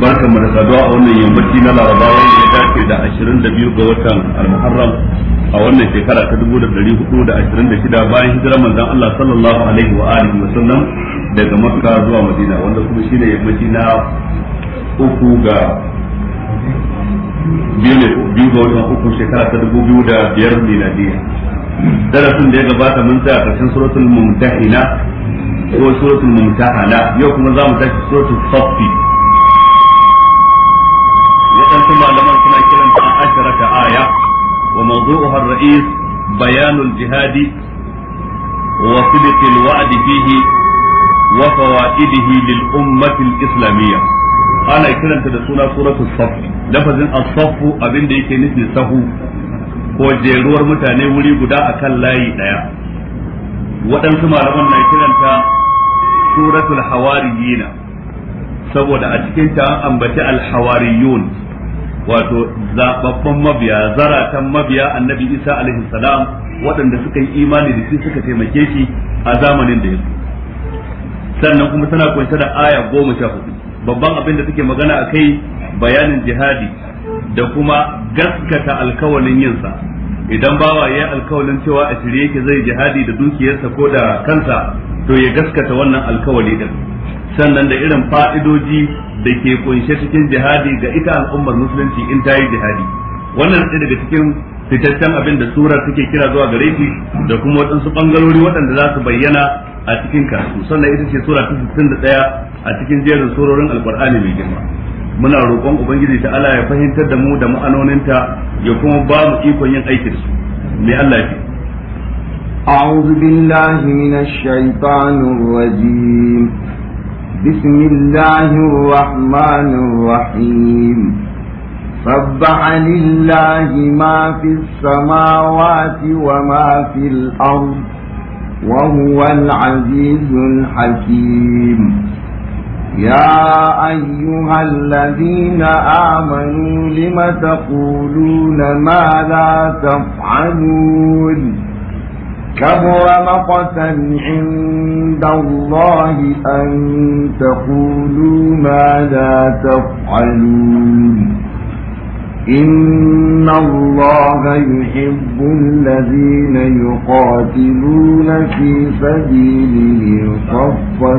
barka mu da saduwa a wannan yammaci na laraba wanda ya dace da 22 ga watan al-muharram a wannan shekara ta 1426 bayan hijirar manzon Allah sallallahu alaihi wa alihi wa sallam daga makka zuwa madina wanda kuma shine yammaci na uku ga biyu ne biyu ga watan uku shekara ta 2005 miladiya darasin da ya gabata mun tsaya karshen suratul mumtahina ko suratul mumtahana yau kuma za mu tashi suratul safi waɗansu malaman suna kiranta asharata aya wa mawdu'uha ar-ra'is bayanul jihadi wa sidqil wa'di fihi wa fawaidihi lil ummati al-islamiyya ana kiranta da suna suratul saff lafazin as-saff abinda yake nufi sahu ko jeruwar mutane wuri guda akan layi daya waɗansu malaman na kiranta suratul hawariyina saboda a cikin ta ambaci al-hawariyun wato zababban mabiya zaratan mabiya annabi isa alaihi salam waɗanda suka yi imani da shi suka taimake shi a zamanin da ya sannan kuma tana kunshe da aya goma sha babban abin da take magana a kai bayanin jihadi da kuma gaskata alkawalin yinsa idan bawa ya alkawalin cewa a shirye yake zai jihadi da dukiyarsa ko da kansa to ya gaskata wannan alkawali din sannan da irin fa'idoji da ke kunshe cikin jihadi ga ita al'ummar musulunci in ta yi jihadi wannan ɗaya daga cikin fitaccen abin da sura take kira zuwa gare shi da kuma waɗansu ɓangarori waɗanda za su bayyana a cikin karatu sannan ita ce sura ta 61 a cikin jerin surorin alƙur'ani mai girma muna roƙon ubangiji ta Allah ya fahimtar da mu da ma'anoninta ya kuma ba mu ikon yin aikin su mai Allah ya أعوذ بالله من الشيطان الرجيم بسم الله الرحمن الرحيم سبح لله ما في السماوات وما في الأرض وهو العزيز الحكيم يا أيها الذين آمنوا لم تقولون ما لا تفعلون كبر مقتا عند الله أن تقولوا ما لا تفعلون إن الله يحب الذين يقاتلون في سبيله صفا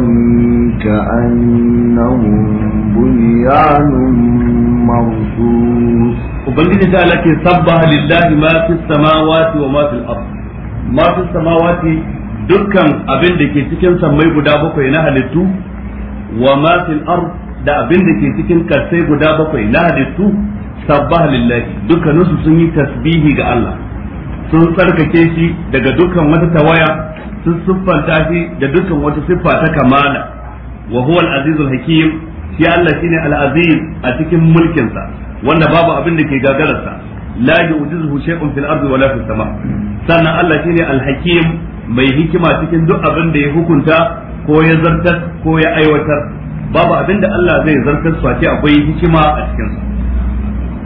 كأنهم بنيان مرصوص وبلغت تعالى سبح لله ما في السماوات وما في الأرض ما في السماوات dukkan أبن da تكن سمي sammai guda bakwai na halittu wa ma fil ard da abin da ke cikin kasai guda bakwai na halittu sabbaha lillahi dukkaninsu sun yi tasbihi ga Allah sun tsarkake shi daga dukkan wata tawaya sun siffanta shi da dukkan wata siffa ta kamala wa huwa al-azizul hakim shi Allah shine al-aziz a cikin mulkin sa wanda babu abin da ke gagarar sa la yu'jizuhu shay'un fil ardi wala fis sama sannan Allah shine al-hakim mai hikima cikin duk abin da ya hukunta ko ya zartar ko ya aiwatar babu abin da Allah zai zartar su akwai hikima a cikin sa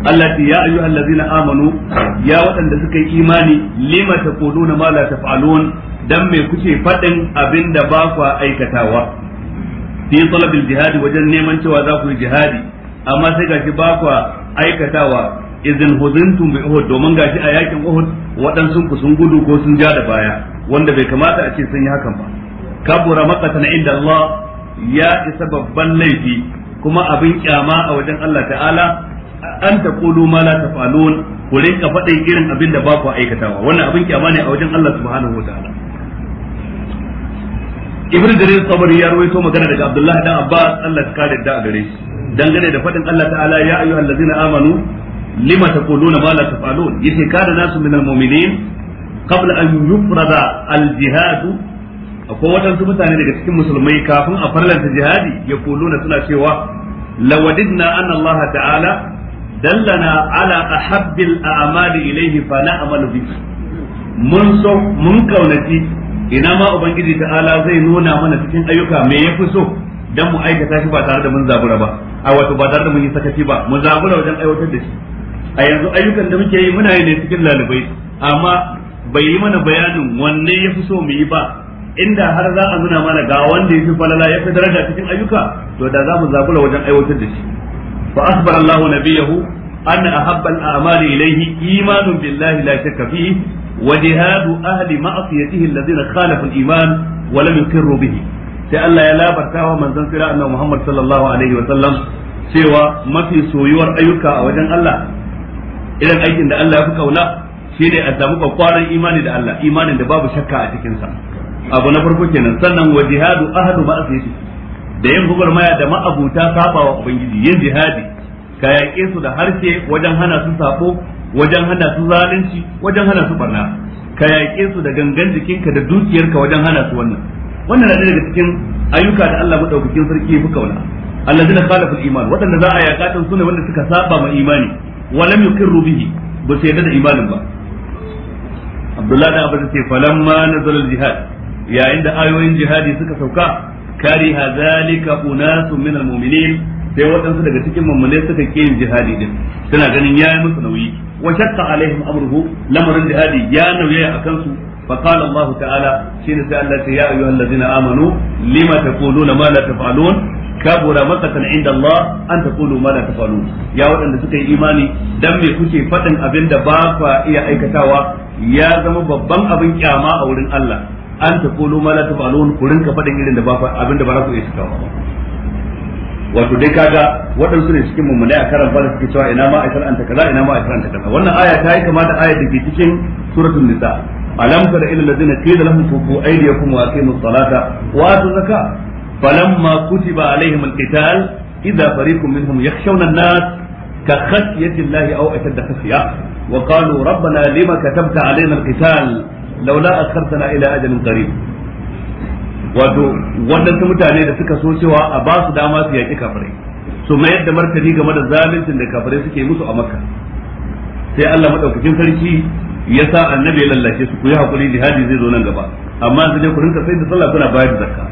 Allah ya ayyuhal ladzina amanu ya waɗanda suka yi imani lima taquluna mala la taf'alun dan me kuke faɗin abinda ba ku aikatawa fi talabil jihadi wajen neman cewa za ku yi jihadi amma sai gashi ba ku aikatawa izin huzintum bi uhud domin gashi a yakin uhud waɗansu ku sun gudu ko sun ja da baya wanda bai kamata a ce sun yi hakan ba kabura na inda Allah ya isa babban laifi kuma abin kyama a wajen Allah ta'ala an taqulu ma la ku rinka faɗin irin abin da ba ku aikatawa wannan abin kyama ne a wajen Allah subhanahu wataala Ibn Jarir Sabari ya rawaito magana daga Abdullahi dan Abbas Allah ya kare da gare shi dangane da faɗin Allah ta'ala ya ayyuhallazina amanu lima taquluna ma la tafalun yace kada nasu minal mu'minin qabla an yufrada al-jihad akwai wadansu mutane daga cikin musulmai kafin a farlanta jihadi ya kuluna suna cewa lawadidna anna Allah ta'ala na ala habbin a'mali ilayhi fa na'malu bihi mun so mun kaunaci ina ma ubangiji ala zai nuna mana cikin ayyuka me yafi so dan mu aikata tashi ba tare da mun zabura ba a wato ba tare da mun yi sakaci ba mu zabura wajen aiwatar da shi a yanzu ayyukan da muke yi muna yi ne cikin lalibai amma bai yi mana bayanin wanne ya fi so mu yi ba inda har za a nuna mana ga wanda ya fi falala ya fi daraja cikin ayyuka to da za mu zabura wajen aiwatar da shi fa akhbara Allah nabiyahu anna a al-a'mali ilayhi imanun billahi la shakka fihi wa jihadu ahli ma'siyatihi alladhina khalafu al-iman wa lam yuqirru bihi sai Allah ya labarta wa manzon sira annabi Muhammad sallallahu alaihi wa sallam cewa mafi soyuwar ayyuka a wajen Allah irin aikin da Allah ya fi kauna shine a kwanan kwakwaran da Allah imanin da babu shakka a cikin sa abu na farko kenan sannan wa jihadu ahadu ma'siyatihi da yin maya da ma'abuta wa ubangiji yin jihadi ka yaƙe su da harshe wajen hana su sabo wajen hana su zalunci wajen hana su barna ka yaƙe su da gangan jikinka da dukiyarka wajen hana su wannan wannan na daga cikin ayyuka da Allah madaukakin sarki ya fi allah allazina khalaful iman waɗanda za a yaƙa tun sune wanda suka saba ma imani walam yukirru bihi ba su yarda da imanin ba Abdullahi da Abu ce falamma al jihad yayin da ayoyin jihadi suka sauka كره ذلك أناس من المؤمنين sai waɗansu daga cikin mummune suka ke yin jihadi din suna ganin ya yi musu nauyi wa shakka alaihim amruhu lamarin jihadi ya nauye a kansu fa qala ta'ala shine sai Allah ta ya ayyuhallazina amanu lima taquluna ma la taf'alun kabura matakan inda Allah an taqulu ma la taf'alun ya waɗanda suka yi imani dan me kuke faɗin abinda ba ku iya aikatawa ya zama babban abin kyama a wurin Allah an ta kulu ma la wani ku ka faɗin irin da ba abin da ba za ku iya cikawa ba wato dai kaga waɗansu ne cikin mummunai a karan fara suke cewa ina ma a shar'anta kaza ina ma a shar'anta kaza wannan aya ta yi kama da ayar da ke cikin suratul nisa alam tara ila allazina qila lahum kufu aydiyakum wa aqimus salata wa atu zakat falamma kutiba alaihim alqital idza fariqun minhum yakhshawna an-nas ka khashyati allahi aw ashadda khashya wa qalu rabbana lima katabta alaina alqital laula akhartana ila ajalin qarib wato waɗansu mutane da suka so cewa a ba su dama su yaƙi kafirai su mayar da martani game da zaluncin da kafirai suke musu a makka sai Allah madaukakin sarki ya sa annabi ya lallace su ku yi hakuri jihadi zai zo nan gaba amma sai dai ku rinka sai da sallah kuna bayar da zakka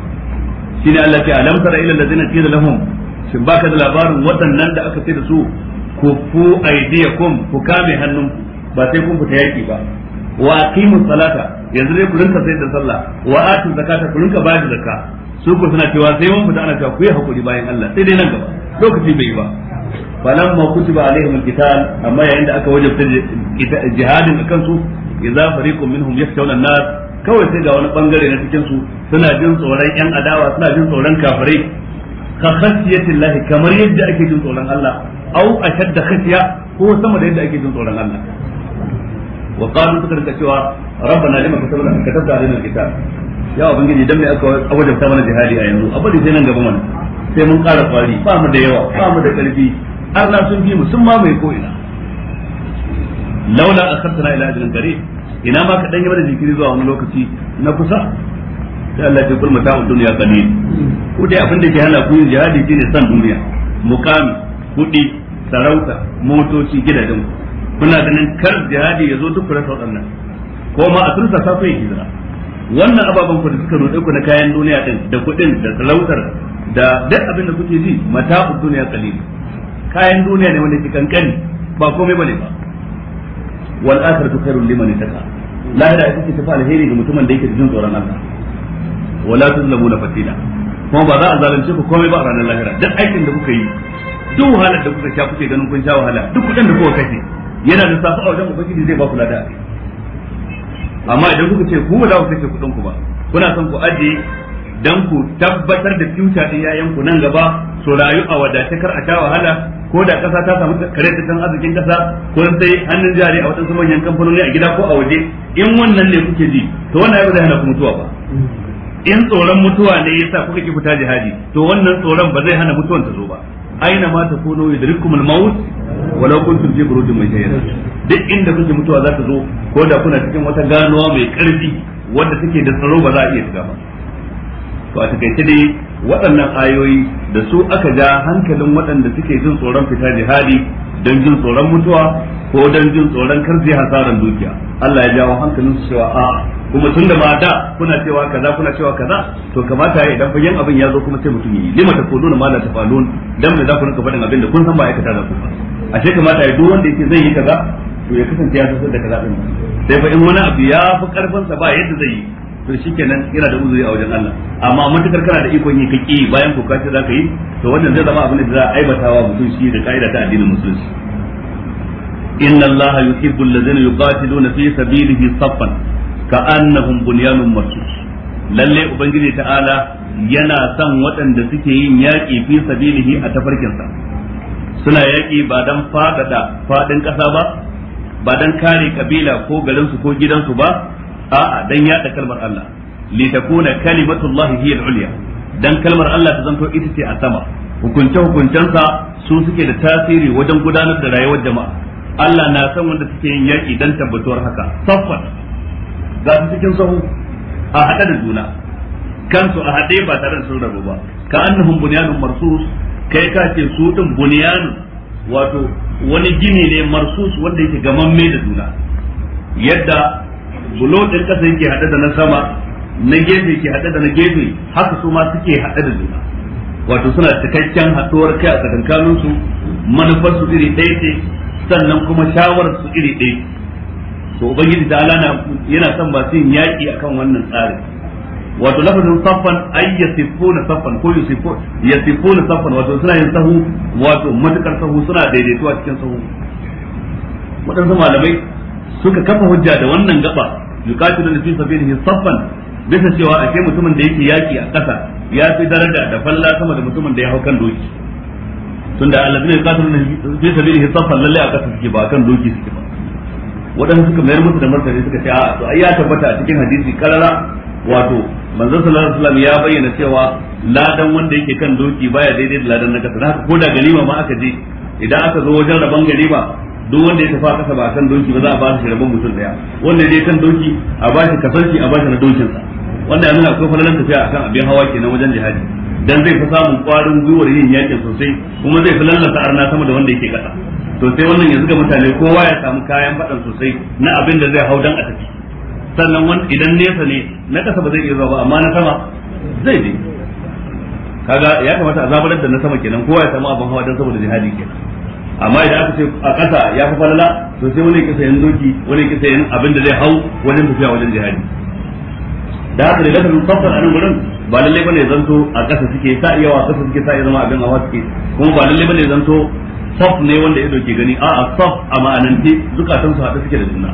shine Allah ke alam tara ila allazina qila lahum shin baka da labarin waɗannan da aka sai da su ku fu aidiyakum ku kame hannunku ba sai kun fita yaki ba wa aqimu salata yanzu dai ku rinka sai da sallah wa atu zakata ku rinka bayar da zakka su ku suna cewa sai mun fita ana cewa ku yi hakuri bayan Allah sai dai nan gaba lokaci bai yi ba falamma kutiba alaihim alqital amma yayin da aka wajabta jihadin akan su idza fariqun minhum yakhshawna an-nas kawai sai ga wani bangare na cikin su suna jin tsoron yan adawa suna jin tsoron kafirai ka llahi kamar yadda ake jin tsoron Allah au ashadda khashiya ko sama da yadda ake jin tsoron Allah wa qalu suka rika cewa rabbana lima katabna katabta alaina alkitab ya ubangiji idan me aka awajabta mana jihadi a yanzu abin sai nan gaba mana sai mun kara kwari ba mu da yawa ba mu da har na sun bi mu sun ma mai ko ina laula akhartana ila ajrin qarib ina ma ka dan yi mana jikiri zuwa wani lokaci na kusa sai Allah ya kulmata ta'ud dunya qalil ku dai abin da ke hana ku yin jihadi shine san duniya mukami kudi sarauta motoci gidajen ku kuna ganin kar jihadi ya zo duk ku rasa waɗannan ko ma a tursa sa ku hijira wannan ababen ku da suka roɗe ku na kayan duniya din da kuɗin da talautar da duk abin da kuke ji mata'u duniya qalil kayan duniya ne wanda ke kankani ba komai bane ba wal akhiratu khairul liman ittaqa lahira ita ce tafi alheri ga mutumin da yake jin tsoron Allah wala tuzlamuna fatila kuma ba za a zalunce ku komai ba a ranar lahira duk aikin da kuka yi duk wahalar da kuka sha kuke ganin kun sha wahala duk kuɗin da kuka kashe yana da safa a wajen ubangiji zai ba ku lada amma idan kuka ce ku ba za ku kashe kuɗin ku ba kuna son ku aje dan ku tabbatar da future din yayan ku nan gaba so rayu a wadace kar a ta wahala ko da kasa ta samu kare kan arzikin kasa ko sai hannun jari a wadansu manyan kamfanoni a gida ko a waje in wannan ne kuke ji to wannan ya zai hana ku mutuwa ba in tsoron mutuwa ne yasa kuka ki fita jihadi to wannan tsoron ba zai hana mutuwan ta zo ba aina ma da yudrikumul maut walau kuntum fi burujin musayyada duk inda kuke mutuwa za ta zo ko da kuna cikin wata ganuwa mai karfi wadda take da tsaro ba za a iya shiga ba to a takaice dai waɗannan ayoyi da su aka ja hankalin waɗanda suke jin tsoron fita jihadi don jin tsoron mutuwa ko don jin tsoron karfi hasaran dukiya Allah ya jawo hankalin su cewa a. kuma tun da ma da kuna cewa kaza kuna cewa kaza to kamata ya idan fagen abin ya zo kuma sai mutum yi lima ta kodona ma la ta falon dan me za ku rinka faɗin abin da kun san ba aikata za ku ba ashe kamata ya duk wanda yake zai yi kaza to ya kasance ya san da kaza din sai fa in wani abu ya fi karfin sa ba yadda zai yi to shikenan yana da uzuri a wajen Allah amma matukar kana da ikon yi kake bayan ko kace za ka yi to wannan zai zama abin da za a aibatawa mutum shi da kaida ta addinin musulunci inna allaha yuhibbu alladhina yuqatiluna fi sabilihi saffan ka'annahum bunyanun marsus lalle ubangiji ta'ala yana son waɗanda suke yin yaƙi fi sabilihi a tafarkinsa suna yaƙi ba dan faɗaɗa faɗin ƙasa ba ba dan kare kabila ko garinsu ko gidansu ba a'a dan yaɗa kalmar Allah li takuna kalimatullahi hiya al-ulya dan kalmar Allah ta zanto ita ce a sama hukunce hukuncensa su suke da tasiri wajen gudanar da rayuwar jama'a Allah na san wanda suke yin yaƙi dan tabbatuwar haka saffat ga su cikin sahu a haɗe da juna kansu a haɗe ba tare da sun rabu ba ka annahum bunyanun marsus kai ka ce su din bunyan wato wani gini ne marsus wanda yake mai da juna yadda bulo din kasa yake haɗe da na sama na gefe yake haɗe da na gefe haka su ma suke haɗe da juna wato suna cikakken haɗuwar kai a tsakankaninsu manufarsu iri ɗaya ce sannan kuma shawararsu iri ɗaya to ubangiji ta alana yana son masu yin yaki akan wannan tsarin wato lafazin saffan ay yasifuna saffan ko yusifuna yasifuna saffan wato suna yin sahu wato matukar sahu suna daidaituwa cikin sahu waɗansu malamai suka kafa hujja da wannan gaba yuqatilu fi sabilihi saffan bisa cewa ake mutumin da yake yaki a ƙasa ya fi daraja da falla sama da mutumin da ya hau kan doki tunda allazina yuqatiluna fi sabilihi saffan lalle a ƙasa suke ba kan doki suke ba waɗanda suka mayar musu da martani suka ce a to ai ya tabbata a cikin hadisi karara wato manzon sallallahu alaihi wasallam ya bayyana cewa ladan wanda yake kan doki baya daidai da ladan na kasa haka ko da ganima ma aka je idan aka zo wajen rabon ganima duk wanda ya tafi kasa ba kan doki ba za a ba shi rabon mutum daya wanda ya kan doki a ba shi kasarki a ba shi na dokinsa wanda ya nuna akwai falalan tafiya akan abin hawa kenan wajen jihadi dan zai fi samun kwarin gwiwar yin yakin sosai kuma zai fi lallata arna sama da wanda yake kasa to sai wannan yanzu ga mutane kowa ya samu kayan fadan sosai na abin da zai hau dan a tafi sannan wanda idan nesa ne na kasa ba zai iya zuwa ba amma na sama zai je kaga ya kamata a zabarar da na sama kenan kowa ya samu abin hawa dan saboda jihadi kenan amma idan aka ce a kasa ya fi falala to sai wani kisa yan doki wani kisa yan abin da zai hau wajen tafiya wajen jihadi da haka da lafazin fasar a nan gurin ba lalle bane zanto a ƙasa suke sa iya wa ƙasa suke sa iya zama abin hawa suke kuma ba lalle bane zanto saf ne wanda ido ke gani a'a saf a ma'anance zukatan su haɗe suke da juna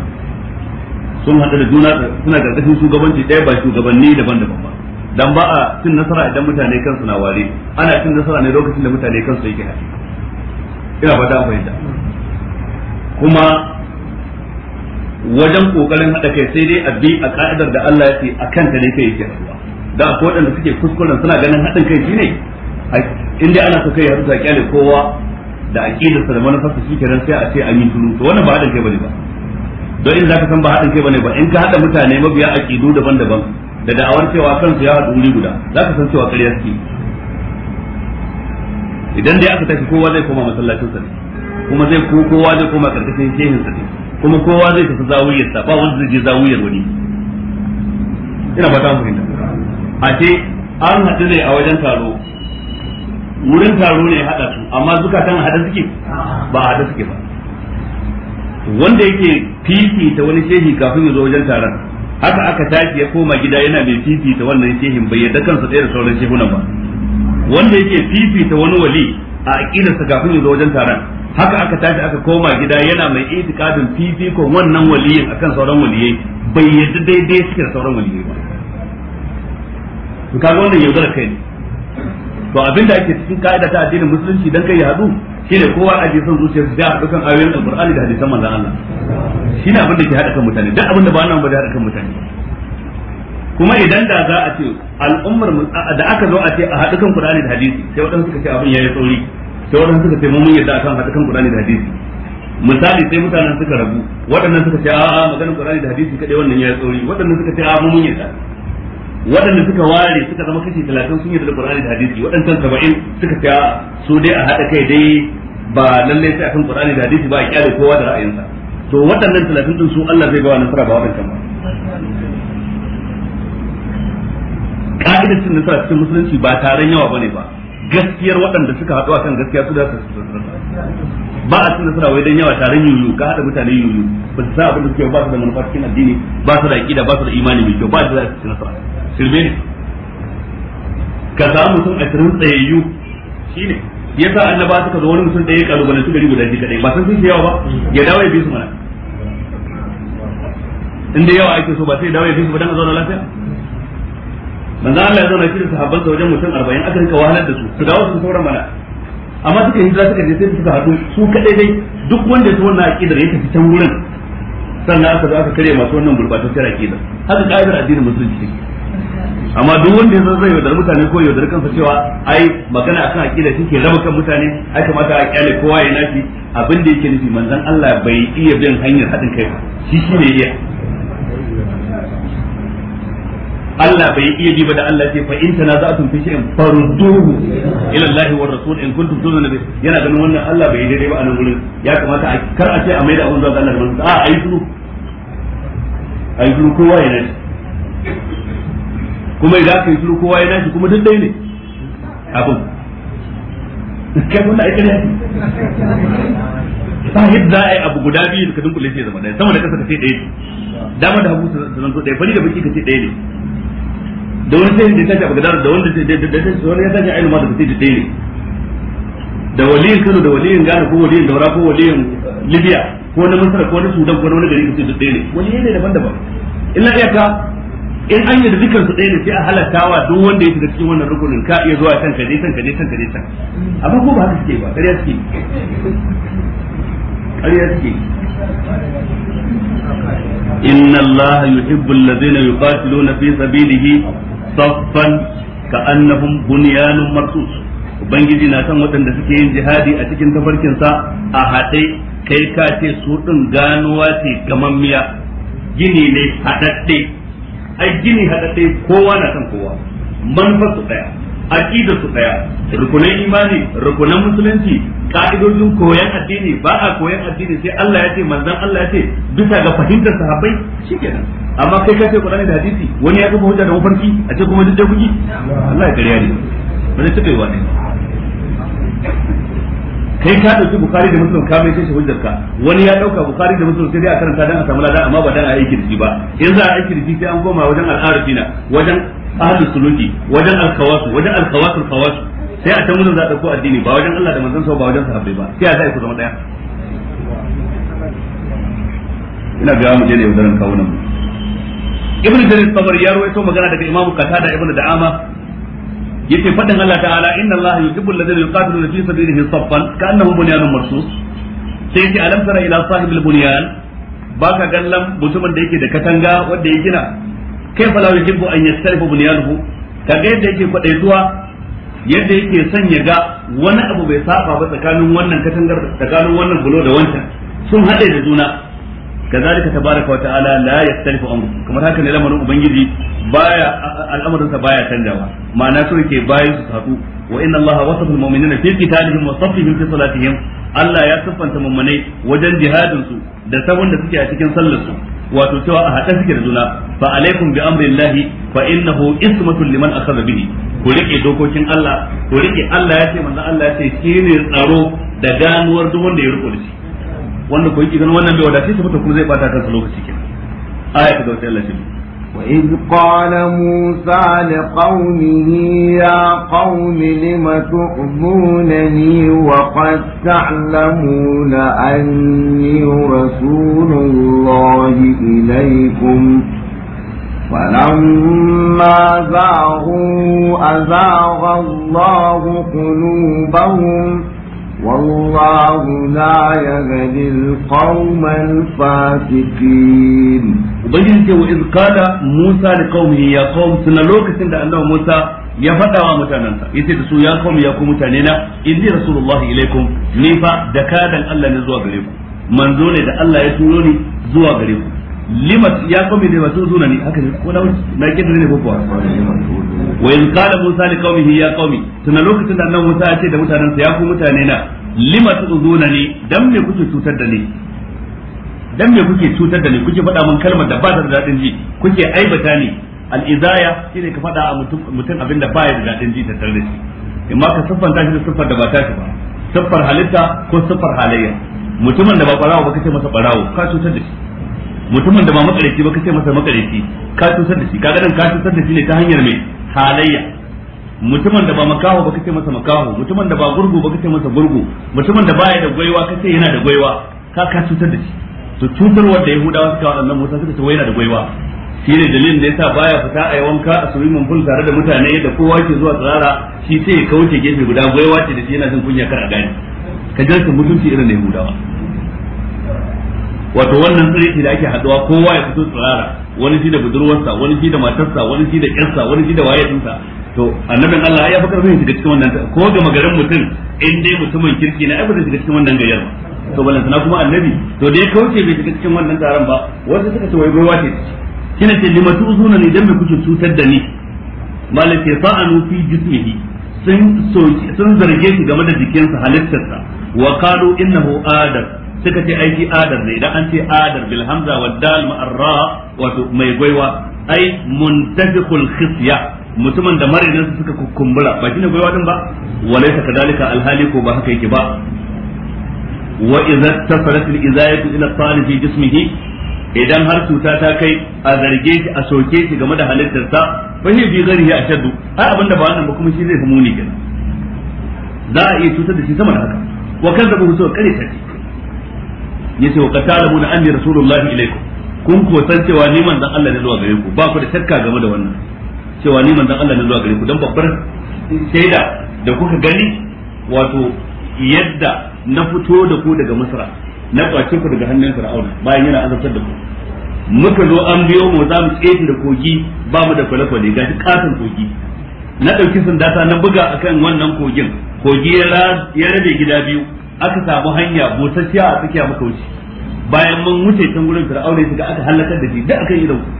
sun haɗu da juna suna ƙarƙashin shugabanci ɗaya ba shugabanni daban-daban ba dan ba a cin nasara idan mutane kansu na ware ana cin nasara ne lokacin da mutane kansu yake haɗe ina ba ta fahimta kuma wajen kokarin haɗa kai sai dai a bi a ka'idar da Allah ya ce a kanta ne kai yake rasuwa da ko waɗanda suke kuskuren suna ganin haɗin kai shine in dai ana so kai ya rusa kyale kowa da aqidar sa da manufarsa shi kenan sai a ce an yi tulu to wannan ba haɗin kai bane ba don in zaka san ba haɗin kai bane ba in ka haɗa mutane mabiya aqidu daban-daban da da'awar cewa kansu ya haɗu wuri guda zaka san cewa ƙarya suke idan dai aka tafi kowa zai koma masallacin sa ne kuma zai ko kowa zai koma karkashin shehin sa ne kuma kowa zai tafi zawiyar sa ba wanda zai je zawiyar wani ina ba ta fahimta a ce an haɗu ne a wajen taro wurin taro ne haɗa su amma zukatan haɗa suke ba haɗa suke ba wanda yake fifita wani shehi kafin ya zo wajen taron haka aka tashi ya koma gida yana mai fifita wannan shehin bai yadda kansa tsaye da sauran shehuna ba wanda yake fifita wani wali a aƙidarsa kafin ya zo wajen taron haka aka tashi aka koma gida yana mai itikadin ko wannan waliyin akan sauran waliyai bai yadda daidai suke da sauran waliyai ba to kaga wannan yaudara kai ne to da ake cikin ka'ida ta addinin musulunci dan kai ya hadu shine kowa a jisan zuciyar da dukkan ayoyin alqur'ani da hadisan manzon Allah shine abin da ke hada kan mutane duk abin da ba nan ba da hada kan mutane kuma idan da za a ce al'ummar da aka zo a ce a hadu kan qur'ani da hadisi sai wadanda suka ce abin yayi tsauri sai wadanda suka ce mun yadda akan hadu kan qur'ani da hadisi misali sai mutanen suka rabu waɗannan suka ce a'a maganar qur'ani da hadisi kadai wannan yayi tsauri waɗannan suka ce a'a mun yadda waɗanda suka ware suka zama kashi talatin sun yi da Qur'ani da hadisi waɗancan saba'in suka ta ah, su dai a haɗa kai dai ba lallai sai akan Qur'ani da hadisi ba a kyale kowa da ra'ayinsa to waɗannan talatin din su Allah zai ba wa nasara ba waɗancan ba ka'idar cin nasara cikin musulunci ba taron yawa bane ba gaskiyar waɗanda suka haɗu a kan gaskiya su da su ba a cin nasara wai dan yawa taron yuyu ka hada mutane yuyu ba su sa abin da suke ba su da manufa cikin addini ba su da aqida ba su da imani mai kyau ba su da cin nasara shirme ne ka samu mutum a cikin tsayayyu shine yasa annaba suka zo wani mutum da ya bana su gari guda ji kadai ba san sun yawa ba ya dawo ya bi su mana inda yawa ake so ba sai dawo ya bi su ba dan a zauna lafiya manzo Allah ya zauna shi da sahabbansa wajen mutum 40 aka rika wahalar da su su dawo su sauran mana amma suka hijira suka je sai suka haɗu su kaɗai dai duk wanda su wannan aƙidar ya tafi can wurin sannan aka aka karya masu wannan gurbataccen aƙidar haka ƙa'idar addinin musulunci take amma duk wanda ya zai yaudar mutane ko yaudar kansa cewa ai magana akan aƙidar shi ke raba kan mutane ai kamata a ƙyale kowa ya nafi abin da yake nufi manzon Allah bai iya bin hanyar haɗin kai ba shi shi ne iya Allah bai iya ji ba da Allah ce fa in tanaza'tum fi shay'in farudduhu ila Allah wa rasul in kuntum tu'minuna bi yana ganin wannan Allah bai daidai ba a nan gurin ya kamata a kar a ce a maida abun zuwa ga Allah da a ayi shiru ayi shiru kowa ya nashi kuma idan aka yi shiru kowa ya nashi kuma duk dai ne abun kai wannan ai kana ba yadda ai abu guda biyu ka dunkule sai zama dai sama da kasa ka ce ɗaya dama da hagu su zanto ɗaya fari da baki ka ce ɗaya ne da wani sai da tashi a Baghdad da wanda da da wani ya tashi a Ilma da sai da dai da waliyin Kano da waliyin Ghana ko waliyin Daura ko waliyin uh, Libya ko na Masar ko na Sudan ko na wani gari sai da dai waliyai ne daban-daban illa iyaka in an yi da dukkan su ɗaya ne sai a halattawa duk wanda ya shiga cikin wannan rukunin ka iya zuwa can kaje can kaje can kaje can amma ko ba haka suke ba ƙarya suke ƙarya suke inna allaha yuhibbu alladhina yuqatiluna fi sabilihi saffan ka'annahum bunyanun marsus ubangiji na san waɗanda suke yin jihadi a cikin tafarkinsa a haɗe kai ka ce su ɗin ganuwa ce gamammiya gini ne haɗaɗɗe ai gini haɗaɗɗe kowa na san kowa manufar su ɗaya aqida su daya rukunan imani rukunan musulunci ka'idodin koyan addini ba a koyan addini sai Allah ya ce manzon Allah ya ce bisa ga fahimtar sahabbai shikenan amma kai ka ce Qur'ani da hadisi wani ya kafa hujja da mafarki a ce kuma duk da kuki Allah ya kariya ne bane take wani kai ka dauki bukari da muslim ka mai shi hujjar ka wani ya dauka bukari da muslim sai dai a karanta dan a samu ladan amma ba dan a aiki da ba in za a aiki da sai an koma wajen al'arifina wajen ahli suluki wajen al-khawas wajen al-khawas al sai a tamunin za a dauko addini ba wajen Allah da manzon sa ba wajen sahabbai ba sai a za ku zama daya ina ga mu je ne yaudaran kawunan mu ibnu jarir sabar ya rawaito magana daga imamu qatada ibnu da'ama yace fadin Allah ta'ala inna Allah yuhibbul ladina yuqatiluna fi sabilihi saffan ka'annahum bunyanun marsus sai yace alam tara ila sahibil bunyan baka gallan mutumin da yake da katanga wanda ya gina kai fa la yuhibbu an yastarifa bunyanuhu kaga yadda yake zuwa yadda yake sanya ya ga wani abu bai saba ba tsakanin wannan katangar tsakanin wannan bulo da wancan sun haɗe da juna kazalika tabaraka ta la yastalifu amru kamar haka ne lamarin ubangiji baya al'amarinsa baya canjawa ma'ana so ke bayan su haɗu wa inna allaha wasafa almu'minina fi qitalihim wa safihim fi salatihim Allah ya siffanta mummune wajen jihadin su da sabon da suke a cikin sallar wato cewa a haɗa suke da juna fa alaikum bi amrillahi fa innahu ismatun liman akhadha bihi ku rike dokokin Allah ku rike Allah ya ce manzo Allah ya ce shine tsaro da ganuwar duk wanda ya riko wanda ko yake ganin wannan bai wadace shi ba to kuma zai bata kansa lokaci kenan aya ta gauta Allah shi وإذ قال موسى لقومه يا قوم لم تؤذونني وقد تعلمون أني رسول الله إليكم فلما زاغوا أزاغ الله قلوبهم والله لا يهدي القوم الفاسقين ubangiji ce wa iz qala musa da qaumihi ya qaum tuna lokacin da annabi musa ya faɗa wa mutanansa yace da su ya qaum ya ku mutane na inni rasulullahi ilaikum ni fa da Allah ne zuwa gare ku manzo ne da Allah ya turo zuwa gare ku ya ni ne na wa in qala musa li qaumihi ya qaumi tuna lokacin da annabi musa ya ce da mutanen sa ya ku mutane na lima tu'zuna ni dan me kuke cutar da ni dan me kuke cutar da ni kuke faɗa mun kalmar da ba ta da dadin ji kuke aibata ni al-izaya shine ka faɗa a mutum abinda ba ya da dadin ji tattare da shi amma ka siffanta shi da siffar da ba ta ba siffar halitta ko siffar halayya mutumin da ba barawo ba kace masa barawo ka cutar da shi mutumin da ba makareci ba kace masa makareci ka cutar da shi kaga dan ka cutar da shi ne ta hanyar mai halayya mutumin da ba makaho ba kace masa makaho mutumin da ba gurgu ba kace masa gurgu mutumin da baya da gwaiwa kace yana da gwaiwa ka ka cutar da shi to cutar wanda yahudawa suka wa mota suka ce wai yana da gwaiwa shi ne dalilin da yasa baya fita a yawanka wanka a mun bul tare da mutane da kowa ke zuwa tsara shi sai ya kauce gefe guda gwaiwa ce da shi yana jin kunya kar a gani ka jarsa mutunci irin yahudawa wato wannan tsireci da ake haduwa kowa ya fito tsirara wani shi da budurwarsa wani shi da matarsa wani shi da ƴarsa wani shi da wayedinsa to annabin Allah ya fakar zai shiga cikin wannan ko ga magarin mutum in dai mutumin kirki na ai ba shiga cikin wannan gayyar ba to balantana kuma annabi to dai kauce bai shiga cikin wannan taron ba wanda suka ce wai ruwa ce kina ce limatu uzuna ne dan me kuke cutar da ni malaka sa'anu fi jismihi sun soki sun zarge shi game da jikinsa halittarsa wa qalu innahu adam suka ce aiki adar ne idan an ce adar bil hamza wa dal ma'arra wato mai gwaiwa ai muntafiqul khisya mutumin da marinin suka kumbura ba shine gwaiwa din ba walaysa kadalika alhali ko ba haka yake ba wa idza tasarat al izayatu ila talibi jismihi idan har cuta ta kai a zarge shi a soke shi game da halittarsa fa shi bi zarihi ashaddu ai abinda ba wannan ba kuma shi zai fi muni kenan za a iya cutar da shi sama da haka wa kan da ba su kare ta yace wa na anni rasulullahi ilaikum kun ko san cewa ni manzon Allah ne zuwa gare ku ba ku da shakka game da wannan cewa ni manzon Allah ne zuwa gare ku dan babbar shaida da kuka gani wato yadda na fito da ku daga Misra na kwace ku daga hannun Fir'auna bayan yana azabtar da ku muka zo an biyo mu za mu tsaye da kogi ba mu da kwale-kwale ga katon kogi na ɗauki sandata na buga akan wannan kogin kogi ya rabe gida biyu aka samu hanya busasshiya a tsakiya muka wuce bayan mun wuce can gurin fir'auna suka aka halakar da shi da aka yi dauki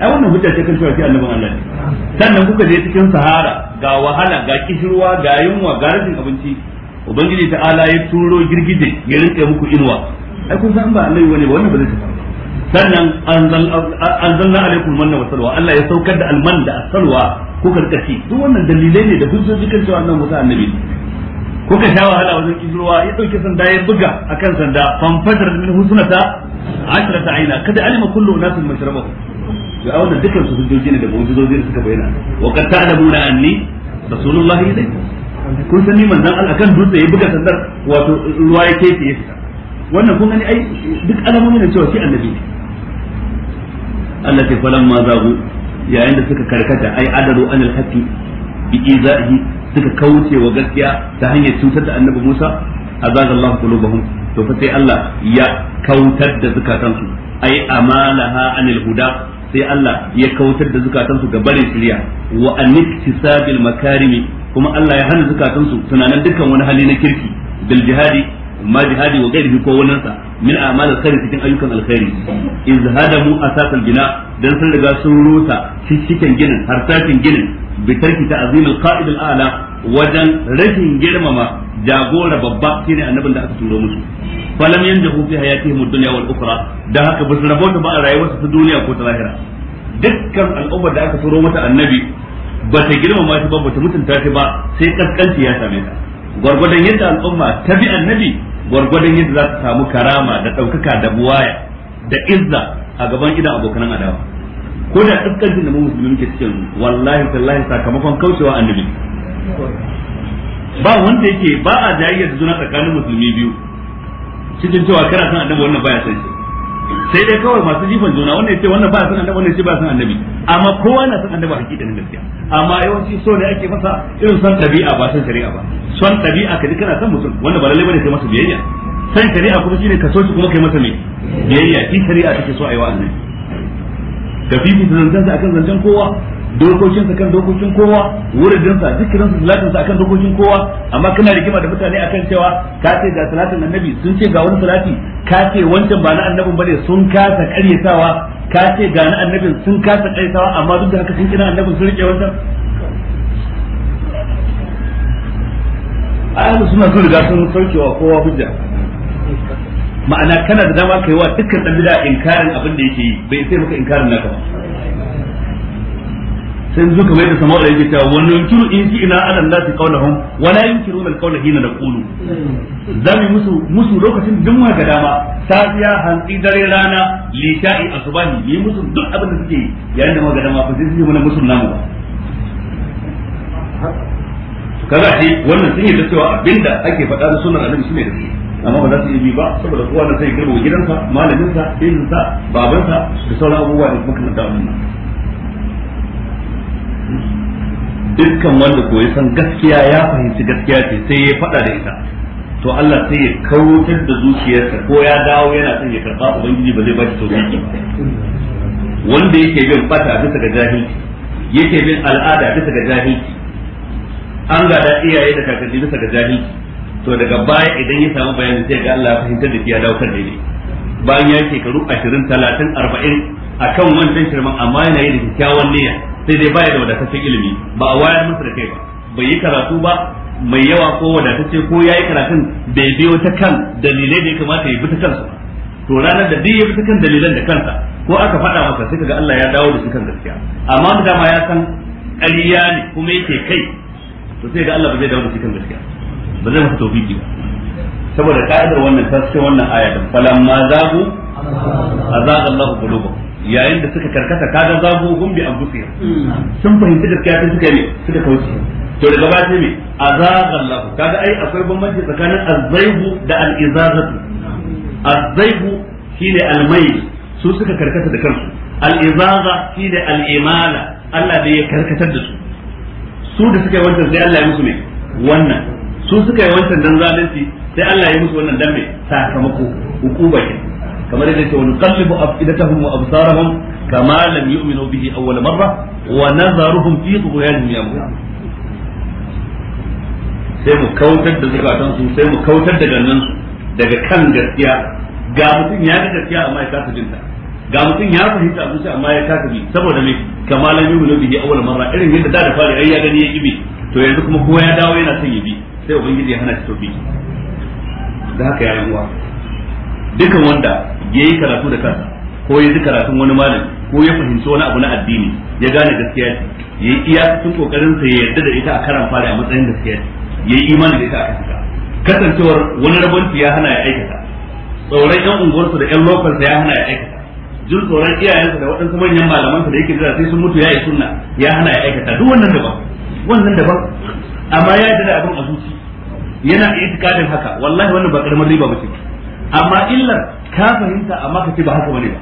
ai wannan hujja ce kan shi annabin Allah ne sannan kuka je cikin sahara ga wahala ga kishirwa ga yunwa ga rashin abinci ubangiji ta'ala ya turo girgije ya rinka muku inuwa ai kun san ba Allah wani wannan ba zai tafi sannan anzalna alaikum manna wasalwa Allah ya saukar da alman da asalwa kuka rika duk wannan dalilai ne da hujjoji kan cewa annabi Musa annabi kuka sha wahala wajen kishirwa ya dauki sanda ya buga akan sanda fanfatar min husnata ashrata aina kada alima kullu unasin mashrabahu ga auna dukkan su hujjoji ne da mu'jizoji da suka bayyana wa qad ta'lamuna anni rasulullahi ilaykum kun san ni manzon Allah akan dutse ya buga sandar wato ruwa ya kece ya fita wannan kun gani ai duk alamomin ne cewa shi annabi ne Allah ta falan ma zagu yayin da suka karkata ai adaru anil haqqi bi izaihi suka kauce wa gaskiya ta hanyar cutar da annabi Musa azazallahu qulubahum to fa sai Allah ya kautar da zukatansu ai amalaha anil huda sai Allah ya kautar da zukatansu ga barin shirya wa aniktisabil makarimi kuma Allah ya hana zukatansu tunanin dukkan wani hali na kirki bil jihadi ma jihadi wa gairihi ko wannan sa min amal alkhairi cikin ayyukan alkhairi iz hadamu asasal bina dan sun riga sun rusa shishiken ginin harsashin ginin bi ta ta'zim alqa'id al'ala wajen rashin girmama jagora babba shine annabin da aka turo musu falam yanjahu fi hayatihim ad-dunya wal ukhra da haka ba su rabota ba a rayuwarsu ta duniya ko ta lahira dukkan al'ummar da aka turo mata annabi ba ta girmama shi ba ba ta mutunta shi ba sai kaskanci ya same ta gwargwadon yadda al'umma ta bi annabi gwargwadon yadda za su samu karama da ɗaukaka da buwaya da izza a gaban idan abokan adawa ko da dukkan da mu musulmi ke cikin wallahi tallahi sakamakon kaucewa annabi ba wanda yake ba a jayyar juna tsakanin musulmi biyu cikin cewa kana san annabi wannan baya san shi sai dai kawai masu jifan juna wannan ya ce wannan ba san annabi wannan ce ba san annabi amma kowa na san annabi hakikanin gaskiya amma yawanci so ne ake masa irin son ɗabi'a ba san shari'a ba son ɗabi'a ka kana san mutum wanda ba lallai bane sai masa biyayya san shari'a kuma shine ka so shi kuma kai masa me biyayya shi shari'a take so a yi wa annabi ka fifi zanzan akan zanzan kowa dokokinsa kan dokokin kowa wuridinsa salatin sa kan dokokin kowa amma kana rigima da mutane akan cewa ka ce ga salatin annabi sun ce ga wani salati ka ce wancan ba na annabin bane sun kasa karyatawa ka ce ga na annabin sun kasa karyatawa amma duk da haka sun kina annabin sun rike wancan ayyuka suna zuwa riga sun saukewa kowa hujja ma'ana kana da dama kai wa dukkan dan bid'a inkarin abin da yake yi bai sai maka inkarin naka ba sai zuka mai da samawa da yake cewa wa nunkiru in ji ina ala nasi qawlahum wa la yunkiruna al-qawla hina naqulu yi musu musu lokacin duk ma ga dama safiya hantsi dare rana lita'i asbahi yi musu duk abin da suke yayin da ma ga dama ba sai su yi mana musu namu ba kaza shi wannan sun yi da cewa abinda ake faɗa da sunan annabi shine da su amma ba za su yi bi ba saboda kowa da sai girma gidansa malaminsa izinsa babansa da sauran abubuwa da kuma da wannan dukkan wanda koyi san gaskiya ya fahimci gaskiya ce sai ya faɗa da ita to Allah sai ya kautar da zuciyarsa ko ya dawo yana son ya karɓa ubangiji ba zai ba shi tauhidi ba wanda yake bin fata bisa ga jahilci yake bin al'ada bisa ga jahilci an gada iyaye da kakanni bisa ga jahilci to daga baya idan ya samu bayanin sai ga Allah ya fahimtar da shi ya dawo kan daidai bayan ya shekaru 20 30 40 akan wancan shirman amma yana yin kyakkyawan niyya sai dai baya da wadataccen ilimi ba a wayar masa da kai ba bai yi karatu ba mai yawa ko wadatacce ko ya yi karatun bai biyo ta kan dalilai da ya kamata ya bi ta kansa to ranar da duk ya bi ta kan dalilan da kansa ko aka faɗa masa sai kaga Allah ya dawo da su kan gaskiya amma da dama ya san ƙarya ne kuma yake kai to sai ga Allah ba zai dawo da su kan gaskiya ba zai masa tawfiki ba saboda ka'idar wannan ta cikin wannan aya da falan ma zagu azaga Allah qulubahum yayin da suka karkata kaga zabu gumbi an gusi sun fahimci gaskiya sai suka ne suka kauce to daga ba sai me azaga Allah kaga ai akwai bambanci tsakanin azzaibu da al-izazatu azzaibu shine al-mayl su suka karkata da kansu al-izaza shine al-imala Allah da ya karkatar da su su da suka yi wancan sai Allah ya musu ne wannan su suka yi wancan dan zalunci sai Allah ya musu wannan dan me sakamako hukuma kenan kamar yadda ta wani qallibu afidatahum wa absarahum kama lam yu'minu bihi awwal marra wa nazaruhum fi tughyanihim yamhun sai mu kautar da zukatan su sai mu kautar da gannan su daga kan gaskiya ga mutum ya ga gaskiya amma ya kasa jinta ga mutum ya fahimta abin shi amma ya kasa bi saboda me kama lam yu'minu bihi awwal marra irin yadda da da fari ai ya gani ya kibi to yanzu kuma kowa ya dawo yana son ya bi sai ubangiji ya hana shi to bi da haka ya yi uwa dukan wanda ya yi karatu da kansa ko ya ji karatun wani malam, ko ya fahimci wani abu na addini ya gane gaskiya ce ya yi iya iyakacin kokarin sa ya yarda da ita a karan fara a matsayin gaskiya ce ya yi imani da ita a kanta kasancewar wani rabonci ya hana ya aikata tsoron yan unguwarsa da yan lokansa ya hana ya aikata jin tsoron iyayensa da waɗansu manyan malamansa da yake jira sai sun mutu ya yi sunna ya hana ya aikata duk wannan daban wannan daban amma ya yarda da abin a zuci yana itikadin haka wallahi wannan ba karamar riba ba ce amma illar ka fahimta amma ka ce ba haka bane ba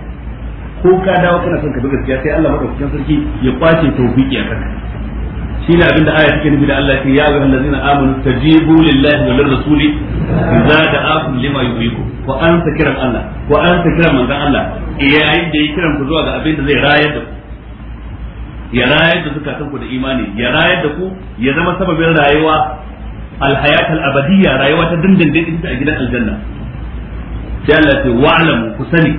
ko ka dawo kana son ka bi gaskiya sai Allah madaukakin sarki ya kwace tawfiki a kanka shine abinda aya take nufi da Allah ya ce ya ayyuhal ladzina amanu tajibu lillahi wa lirrasuli idza da'akum lima yuhyikum wa an kiran Allah wa an kiran manzon Allah e, yayin da ya kiran ku zuwa ga abinda zai rayar da ku ya rayar da zukatan ku da imani ya rayar da ku ya zama sababin rayuwa alhayatul abadiyya rayuwa ta dindindin ita a gidan aljanna sai Allah ce wa'lamu ku sani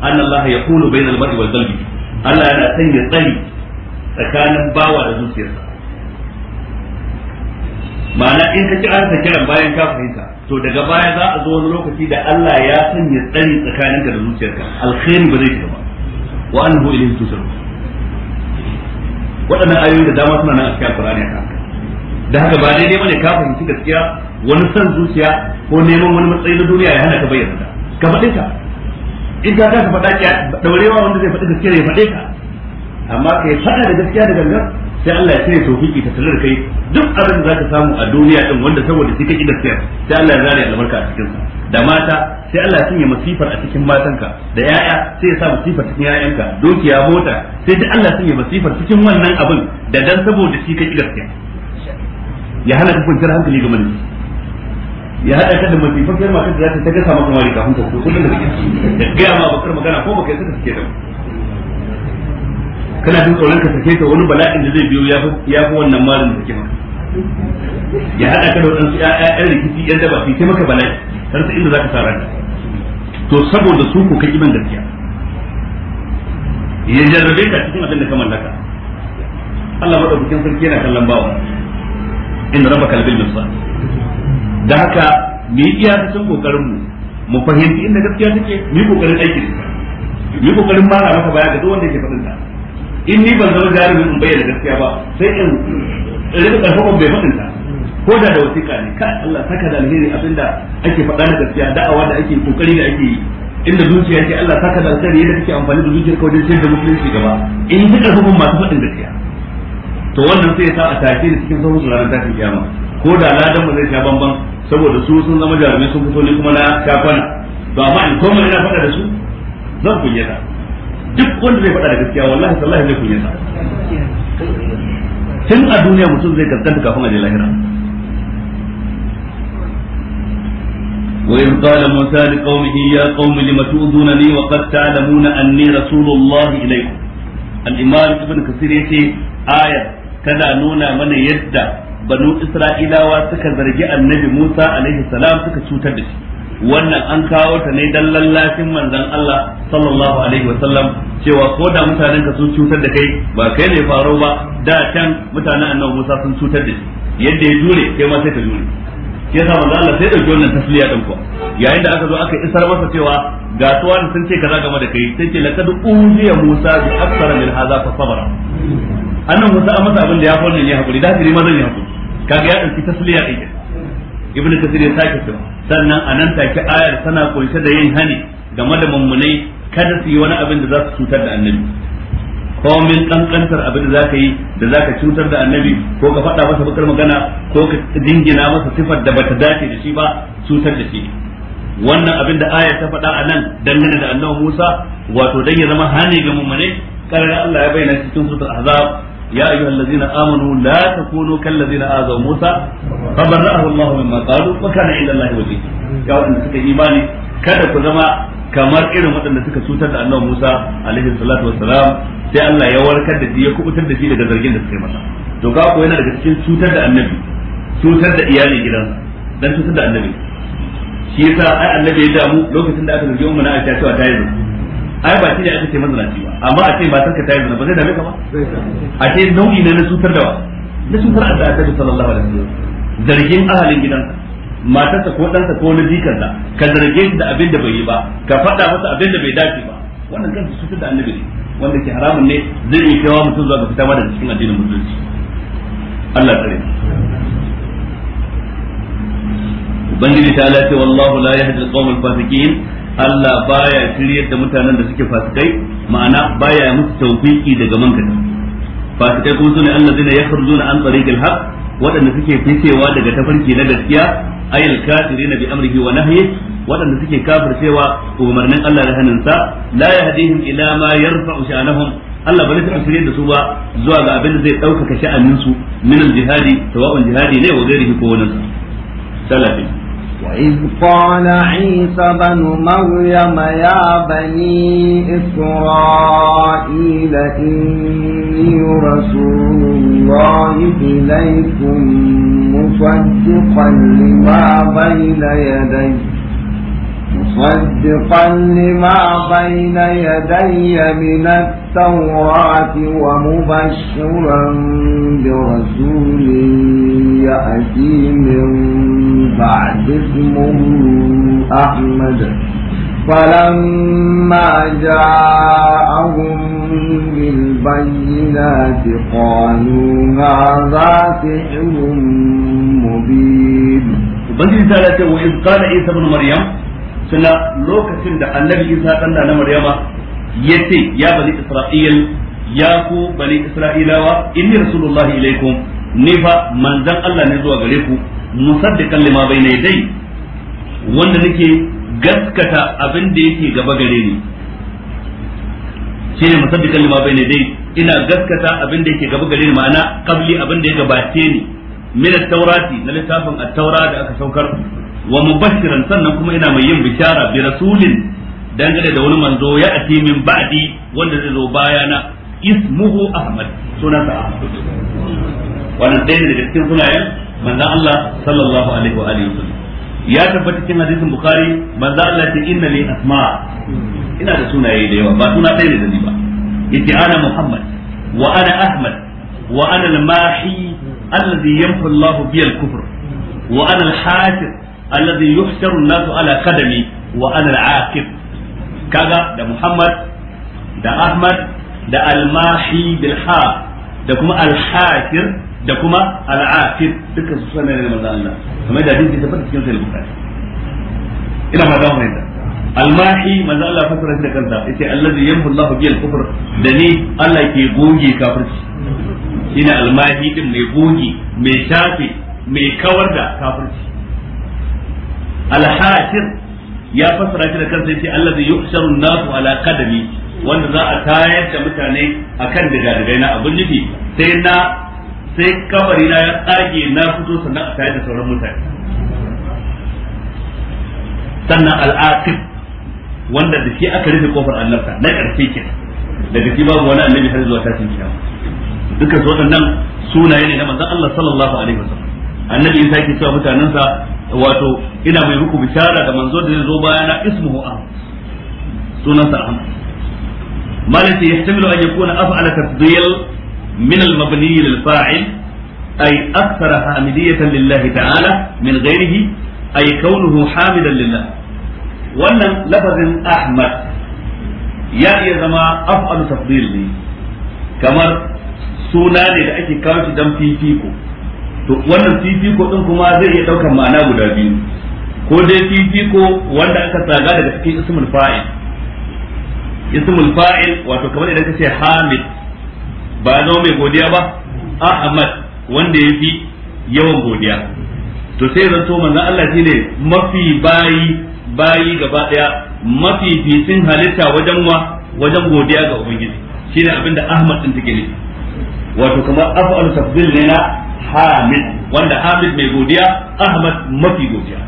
anna Allah yaqulu bainal mar'i wal qalbi Allah yana sanya tsari tsakanin bawa da zuciyarsa ma'ana in ka ci an sa kiran bayan ka fahimta to daga baya za a zo wani lokaci da Allah ya sanya tsari tsakaninka da zuciyarka alkhairi ba zai shiga ba wa annahu ilayhi tusarruf waɗannan ayoyi da dama suna nan a cikin Qur'ani ka da haka ba daidai bane ka fahimci gaskiya wani san zuciya ko neman wani matsayi na duniya ya hana ka bayyana ka faɗe ka in ka kasa faɗa ki daurewa wanda zai faɗi gaskiya ya faɗe ka amma kai faɗa da gaskiya da gangan sai Allah ya cire tofiki ta tallar kai duk abin da ka samu a duniya din wanda saboda shi ki gaskiya sai Allah ya zare albarka a cikin da mata sai Allah ya sanya masifar a cikin matanka da yaya sai ya sa masifar cikin yayanka dukiya mota sai duk Allah ya sanya masifar cikin wannan abin da dan saboda shi ki gaskiya ya hana kafin kwanciyar hankali ga manufi. ya hada ta da masifafiyar matar da za ta gasa maka mari kafin ta kusa da kake da gaya ma bakar magana ko baka yasa take da kana jin tsoron ka sake ta wani bala'in da zai biyo ya fi wannan marin da take maka ya hada ka da wadansu ƴaƴan rikici ƴan daba sai maka bala'i har sai inda zaka sa ka to saboda su ko kai iman gaskiya ya jarrabe ka cikin abin da ka mallaka Allah madaukakin sarki yana kallon bawa inda rabbaka bil misal da haka mu yi cikin kokarin mu mu fahimci inda gaskiya take mu yi kokarin aiki da mu yi kokarin na maka baya ga duk wanda yake faɗin ta in ni ban zama jarumi in bayyana gaskiya ba sai in rika karfafan bai faɗin ta ko da da wasiƙa ne ka Allah saka da alheri abinda ake faɗa na gaskiya da'awa da ake kokari da ake yi inda zuciya ce Allah saka da alheri yadda kake amfani da zuciyar kawai sai da musulunci gaba in ji karfafan masu faɗin gaskiya to wannan sai ya sa a tashi da cikin sauran ranar tashin kiyama ko da na dama zai sha bamban saboda su sun zama jarumai sun fito ni kuma na kafana to amma in koma ina faɗa da su zan kunyata duk wanda zai faɗa da gaskiya wallahi sallahi zai kunyata tun a duniya mutum zai kaskanta kafin a je lahira وإذ قال موسى لقومه يا قوم لم تؤذونني وقد تعلمون أني رسول الله إليكم الإمام ابن كثير يأتي آية kada nuna mana yadda banu isra'ilawa suka zargi annabi musa alaihi salam suka cutar da shi wannan an kawo ta ne dan lallashin manzon Allah sallallahu alaihi wa sallam cewa ko da mutanen ka sun cutar da kai ba kai ne faro ba da can mutanen annabi Musa sun cutar da shi yadda ya jure kai ma sai ka jure ke sa manzon Allah sai jure nan tasliya din ko yayin da aka zo aka isar masa cewa ga da sun ce kaza game da kai sai ce laqad uziya Musa bi aktsara min hadha fa sabara annabi Musa amma masa abin da ya fara ne hakuri da hakuri ma zan yi hakuri kaga ya dauki tasliya din ibnu kasir ya sake cewa sannan anan take ayar tana kunshe da yin hani game da mummunai kada su yi wani abin da za su cutar da annabi komin kankantar abin da za ka yi da za ka cutar da annabi ko ka faɗa masa bakar magana ko ka dingina masa sifar da bata dace da shi ba cutar da shi wannan abin da aya ta faɗa a nan dangane da annabi Musa wato dan ya zama hani ga mummunai karar Allah ya bayyana cikin suratul azab يا أيها الذين آمنوا لا تكونوا كالذين آذوا موسى فبرأه الله مما قالوا وكان عند الله وجيها يا وأن سكي إيماني kada ku zama kamar irin waɗanda suka cutar da annabi Musa alaihi salatu sai Allah ya warkar da shi ya kubutar da shi daga zargin da suka yi masa to ga ko yana daga cikin cutar da annabi cutar da iyali gidan, dan cutar da annabi shi yasa ai annabi ya damu lokacin da aka zargi umma na Aisha cewa ta yi ai ba shi ne ake ce mazinaci ba amma a ce ba sarka ta yi ba zai dame ka ba a ce nau'i ne na cutar da wa na cutar da annabi sallallahu alaihi wasallam zargin ahalin gidansa matarsa ko ɗansa ko na jikarsa ka zarge shi da abin da bai yi ba ka faɗa masa abin da bai dace ba wannan kansa cutar da annabi ne wanda ke haramun ne zai iya kawo mutum zuwa ga fita ma daga cikin addinin musulunci Allah tsare ubangiji ta lafi wallahu la yahdi al-qawm al-fasiqin Allah baya shiryar da mutanen da suke fasikai ma'ana baya musu tawfiki daga mankata fasikai kuma sune Allah zai yakhrujuna an tariqil haqq waɗanda suke ficewa daga tafarki na gaskiya ayil kafirina bi amrihi wa nahyi waɗanda suke kafircewa umarnin Allah da sa la yahdihim ila ma yarfa'u sha'anahum Allah ba ta shirye da su ba zuwa ga abin da zai ɗaukaka sha'anin su min jihadi tawa'un jihadi ne wa gairihi ko wani وإذ قال عيسى بن مريم يا بني إسرائيل إني رسول الله إليكم مصدقا لما بين يديكم مصدقا لما بين يدي من التوراة ومبشرا برسول يأتي من بعد اسمه أحمد فلما جاءهم بالبينات قالوا هذا سحر مبين وبنجي رسالته وإذ قال عيسى ابن مريم suna lokacin da annabi isa ɗanda na maryama ce ya bani isra'il ya ku bani isra'ilawa inni rasulullahi ilaikum ni fa manzan Allah ne zuwa gare ku musaddiqan lima bayna yadai wanda nake gaskata abin da yake gaba gare ni shine musaddiqan lima bayna yadai ina gaskata abin da yake gaba gare ni ma'ana qabli abin da ya gabace ni min at-taurati na littafin at-taura da aka saukar wa mubashiran sannan kuma ina mai yin bishara bi rasulin dangane da wani manzo ya ati min wanda zai zo bayana ismuhu ahmad sunansa ahmad wannan ɗaya daga cikin sunayen manzo Allah sallallahu alaihi wa alihi wasallam ya tabbata cikin hadisin bukhari manzo Allah ya inna li asma ina da da yawa ba suna ɗaya da ni ba yace ana muhammad wa ana ahmad wa ana allazi yamhu Allah bi al-kufr wa ana al-hasir allazi yuhsharu ala qadami wa ana kaga da Muhammad da Ahmad da al-mahi bil da kuma al da kuma al dukkan su sanan ne Allah da ina almahi manzo Allah fasara da kansa yace allazi yamhu Allahu bil kufr da ni Allah ke goge kafirci shine almahi din mai gogi mai shafi mai kawar da kafirci alhatir ya fassara shi da kansa yace Allah yuhsharu an-nasu ala qadami wanda za a tayar da mutane akan daga na abin nufi sai na sai kabari na ya tsage na fito sannan a tayar da sauran mutane sannan al'aqib wanda da shi aka rufe kofar annabta na karfe kenan daga shi babu wani annabi har zuwa tashin kiyama duka su waɗannan sunaye ne na manzon Allah sallallahu alaihi wasallam annabi Isa yake cewa sa wato ina mai muku bishara da manzo da zai zo bayana ismuhu ahmad sunansa ahmad malati yahtamilu an yakuna af'ala tafdil min al-mabni lil fa'il أي أكثر حامدية لله تعالى من غيره أي كونه حامدا لله wannan lafazin Ahmad ya iya zama af'alu tafdil kamar suna ne da ake kawo shi dan fifiko to wannan fifiko din kuma zai iya daukar ma'ana guda biyu ko dai fifiko wanda aka tsaga daga cikin ismul fa'il ismul fa'il wato kamar idan kace hamid ba zo mai godiya ba ahmad wanda yafi yawan godiya to sai zanto manzon Allah shine mafi bayi bayi gaba daya mafi fifin halitta wajen wa wajen godiya ga ubangiji shine abinda ahmad din take nufi wato kamar af'al tafdil ne na hamid wanda hamid mai godiya ahmad mafi godiya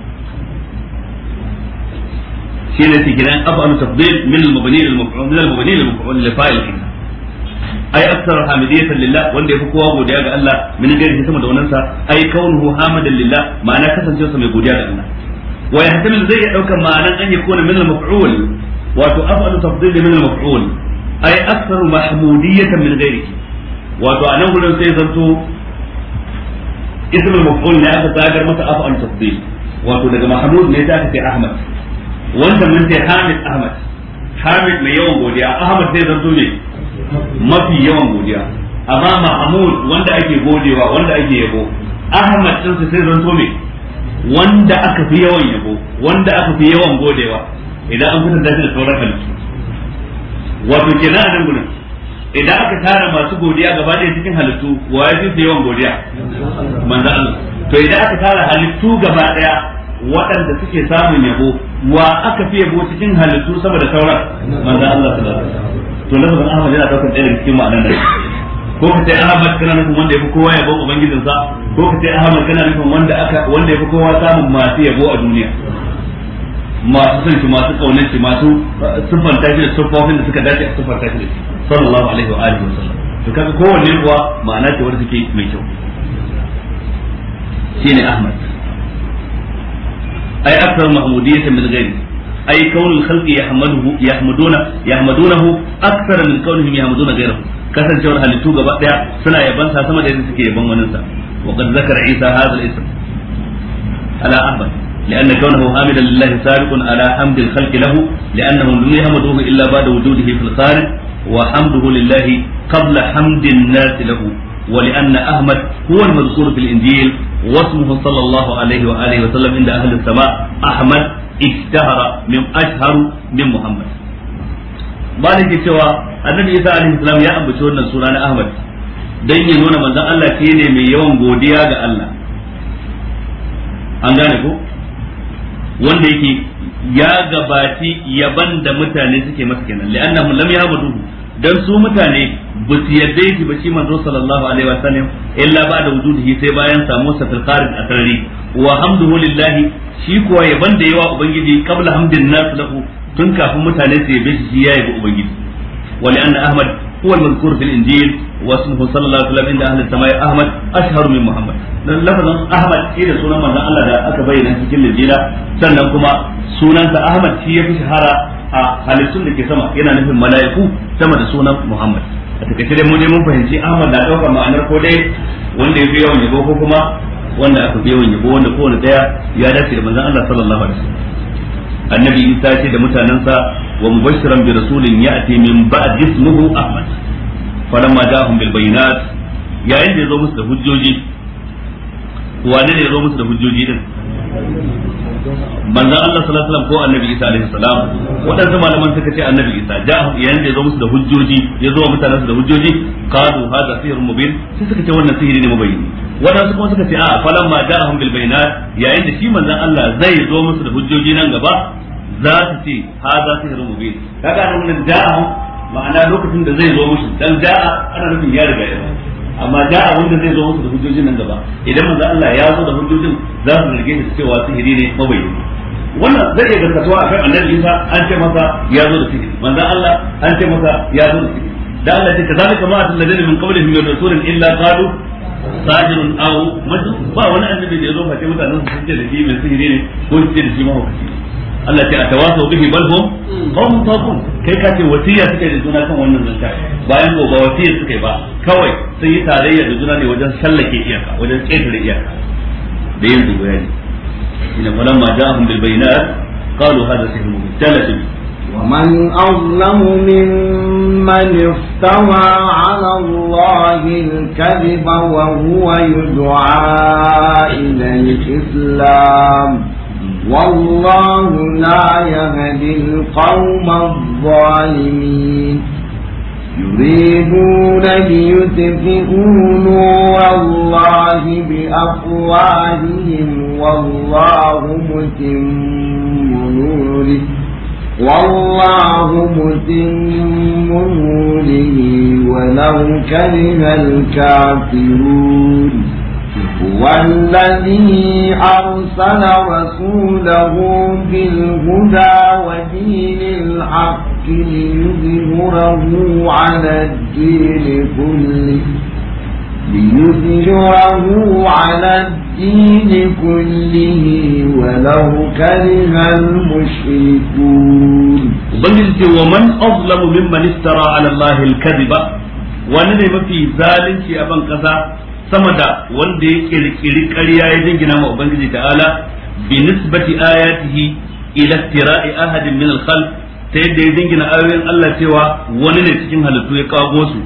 shi ne tigiran af'al tafdil min al-mabni lil maf'ul min al-mabni lil maf'ul li fa'il ai akthar hamidiyatan lillah wanda yafi kowa godiya ga Allah min gairi sama da wannan sa ai kaunuhu hamadan lillah ma'ana kasancewarsa mai godiya ga Allah wa yahtamil zai dauka ma'anan an yakuna min al-maf'ul wato af'al tafdil min al-maf'ul ai akthar mahmudiyatan min ghairihi wato a nan gurin sai zanto ismul maf'ul ne aka zagar masa afa an tafdil wato daga mahmud ne ta fi ahmad wanda mun sai hamid ahmad hamid mai yawan godiya ahmad sai zanto ne mafi yawan godiya amma mahmud wanda ake godewa wanda ake yabo ahmad din sai zanto ne wanda aka fi yawan yabo wanda aka fi yawan godewa idan an fitar da shi da sauran halittu wato kenan a nan gurin idan aka tara masu godiya gaba ɗaya cikin halittu wa ya fi yawan godiya manzo Allah to idan aka tara halittu gaba ɗaya waɗanda suke samun yabo wa aka fi yabo cikin halittu saboda sauran manzo Allah to alaihi wasallam Ahmad yana daukar ɗaya daga cikin ma'anar nan ko ka ce Ahmad kana nufin wanda yafi kowa yabo sa ko ka ce Ahmad kana nufin wanda aka wanda yafi kowa samun masu yabo a duniya masu son shi masu kaunar shi masu uh, siffanta shi da siffofin da suka dace a siffanta shi da shi sallallahu alaihi wa alihi wasallam to kaga kowanne kuwa ma'ana ce wanda take mai kyau shine ahmad ai akthar mahmudiyyatan min ghairi ai kaunul khalqi yahmaduhu yahmaduna yahmadunahu akthar min kaunihim yahmaduna ghairahu kasancewar halittu gaba daya suna yaban sa sama da yadda suke yaban wani sa wa qad zakara isa hadha al-ism ala ahmad لأن كونه حامدا لله سابق على حمد الخلق له لأنهم لم يحمدوه إلا بعد وجوده في الخارج وحمده لله قبل حمد الناس له ولأن أحمد هو المذكور في الإنجيل واسمه صلى الله عليه وآله وسلم عند أهل السماء أحمد اشتهر من أشهر من محمد بالك سوى النبي عيسى عليه السلام يا أبو شورنا سورة أحمد dan ya nuna manzon Allah shi ne mai yawan godiya ga Allah an gane ko wanda yake ya gabaci yaban da mutane suke masa kenan li'annahum lam yabudu dan su mutane ba su yarda shi ba shi manzo sallallahu alaihi wa sallam illa ba da wujudihi sai bayan samu sa fil kharij a sarari wa hamduhu lillahi shi kuwa yaban da yawa ubangiji qabla hamdin nas lahu tun kafin mutane su yabe shi ya yabi ubangiji wa li anna ahmad huwa al-mazkur fil injil wa ismuhu sallallahu alaihi wa sallam inda ahli samai ahmad ashharu min muhammad dan lafazin ahmad shi da sunan manzon Allah da aka bayyana cikin injila sannan kuma sunansa ahmad shi yafi shahara a halittun da ke sama yana nufin mala'iku sama da sunan Muhammad a takaice dai mu je mun fahimci Ahmad na ɗaukar ma'anar ko dai wanda ya fi yawan yabo ko kuma wanda aka fi yawan yabo wanda kowane daya ya dace da manzon Allah sallallahu alaihi wasallam annabi Isa ce da mutanansa wa mubashiran bi rasulin ya'ti min ba'd ismuhu Ahmad falamma ja'ahum bil bayinat yayin da ya zo musu da hujjoji wane ne ya zo musu da hujjoji din manzon Allah sallallahu alaihi wasallam ko annabi Isa alaihi salam wadansu malaman suka ce annabi Isa ja yanda da ya zo musu da hujjoji ya zo mutane su da hujjoji qalu hadha sihrun mubin sai suka ce wannan sihiri ne mabayini wadansu kuma suka ce a falan ma ja'ahum bil bayinat yayin da shi manzon Allah zai zo musu da hujjoji nan gaba za su ce hadha sihrun mubin kaga nan ja'ahum ma'ana lokacin da zai zo musu dan ja'a ana nufin ya riga ya amma da abin da zai zo musu da hujjojin nan gaba idan manzo Allah ya zo da hujjojin za su rige shi cewa sihiri ne mabayyani wannan zai iya gaskatuwa akan annabi Isa an ce masa ya zo da sihiri manzo Allah an ce masa ya zo da sihiri da Allah ce kazalika ma atal ladina min qablihim min rasulin illa qalu sajirun aw majnun ba wani annabi da ya zo face mutanen su ce da shi mai sihiri ne ko ce da shi mahaukaci Allah ce a tawasau bihi bal hum qawmun taqun kai ka ce wasiya suka yi da juna kan wannan zanta bayan ba wasiya suka yi ba kawai sun yi tarayya da juna ne wajen sallake iyaka wajen ƙetare iyaka da yin dubayani ina falamma ja'ahum bil bayinat qalu hadha sihrun mubin talatin ومن أظلم ممن افترى على الله الكذب وهو يدعى إلى الإسلام والله لا يهدي القوم الظالمين يريدون ليطفئوا نور الله بأفواههم والله متم نوره والله متم نوره ولو كره الكافرون والذي أرسل رسوله بالهدى ودين الحق ليظهره على الدين كله ليظهره على الدين كله ولو كره المشركون بل ومن أظلم ممن افترى على الله الكذب wani ne mafi zalunci a ban kasa sama da wanda ya kirkiri ƙarya ya jingina ma ubangiji ta'ala bi nisbati ayatihi ila istira'i ahadin min al ta yadda ya jingina ayoyin Allah cewa wani ne cikin halittu ya kago su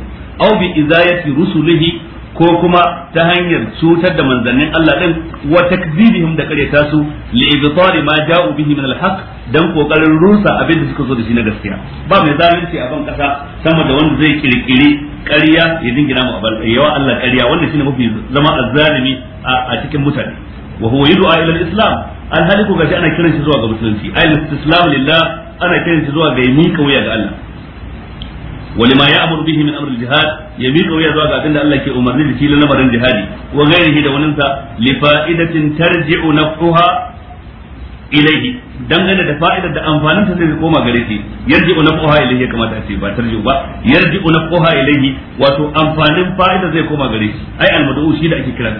aw bi izayati rusulihi ko kuma ta hanyar cutar da manzannin Allah din wa takzibihim da karyata su li ibtari ma ja'u bihi min al-haq dan kokarin rusa abin da suka zo da shi na gaskiya ba mai zalunci a ban kasa sama da wanda zai kirkiri ƙarya ya dingina mu abal yawa Allah ƙarya wanda shine mafi zama azzalimi a cikin mutane wa huwa yud'a ila al-islam alhaliku gashi ana kiran shi zuwa ga musulunci ayil istislam lillah ana kiran shi zuwa ga miƙa wuya ga Allah ولما يأمر به من أمر الجهاد يبيك ويا ذوق أن الله كي أمرني لكي لنمر الجهادي وغيره دوننسى لفائدة ترجع نفعها ilaihi dangane da fa'idar da amfanin ta zai koma gare shi yarji'u naf'uha ilaihi ya kamata ce ba tarji'u ba yarji'u naf'uha ilaihi wato amfanin fa'idar zai koma gare shi ai almad'u shi da ake kira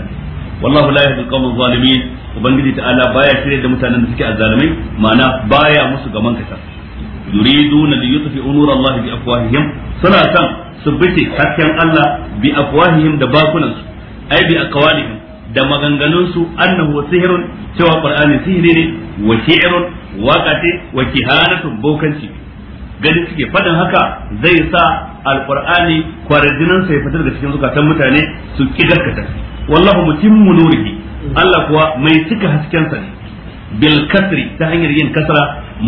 wallahu la yahdi al ubangiji ta'ala baya shirye da mutanen da suke azzalimai ma'ana baya musu gaman kasa yuriduna li yutfi'u nur Allah bi afwahihim suna san su bice hasken Allah bi afwahihim da bakunansu su ai bi aqwalihim da maganganunsu annahu sihirun cewa qur'ani sihiri ne wa shi'run waqati wa kihanatun bokanci gani suke fadin haka zai sa alqur'ani kwarajinin sai fitar daga cikin zukatan mutane su ki gaskata wallahu mutimmu nurihi Allah kuwa mai cika hasken sa ne bil kasri ta hanyar yin kasra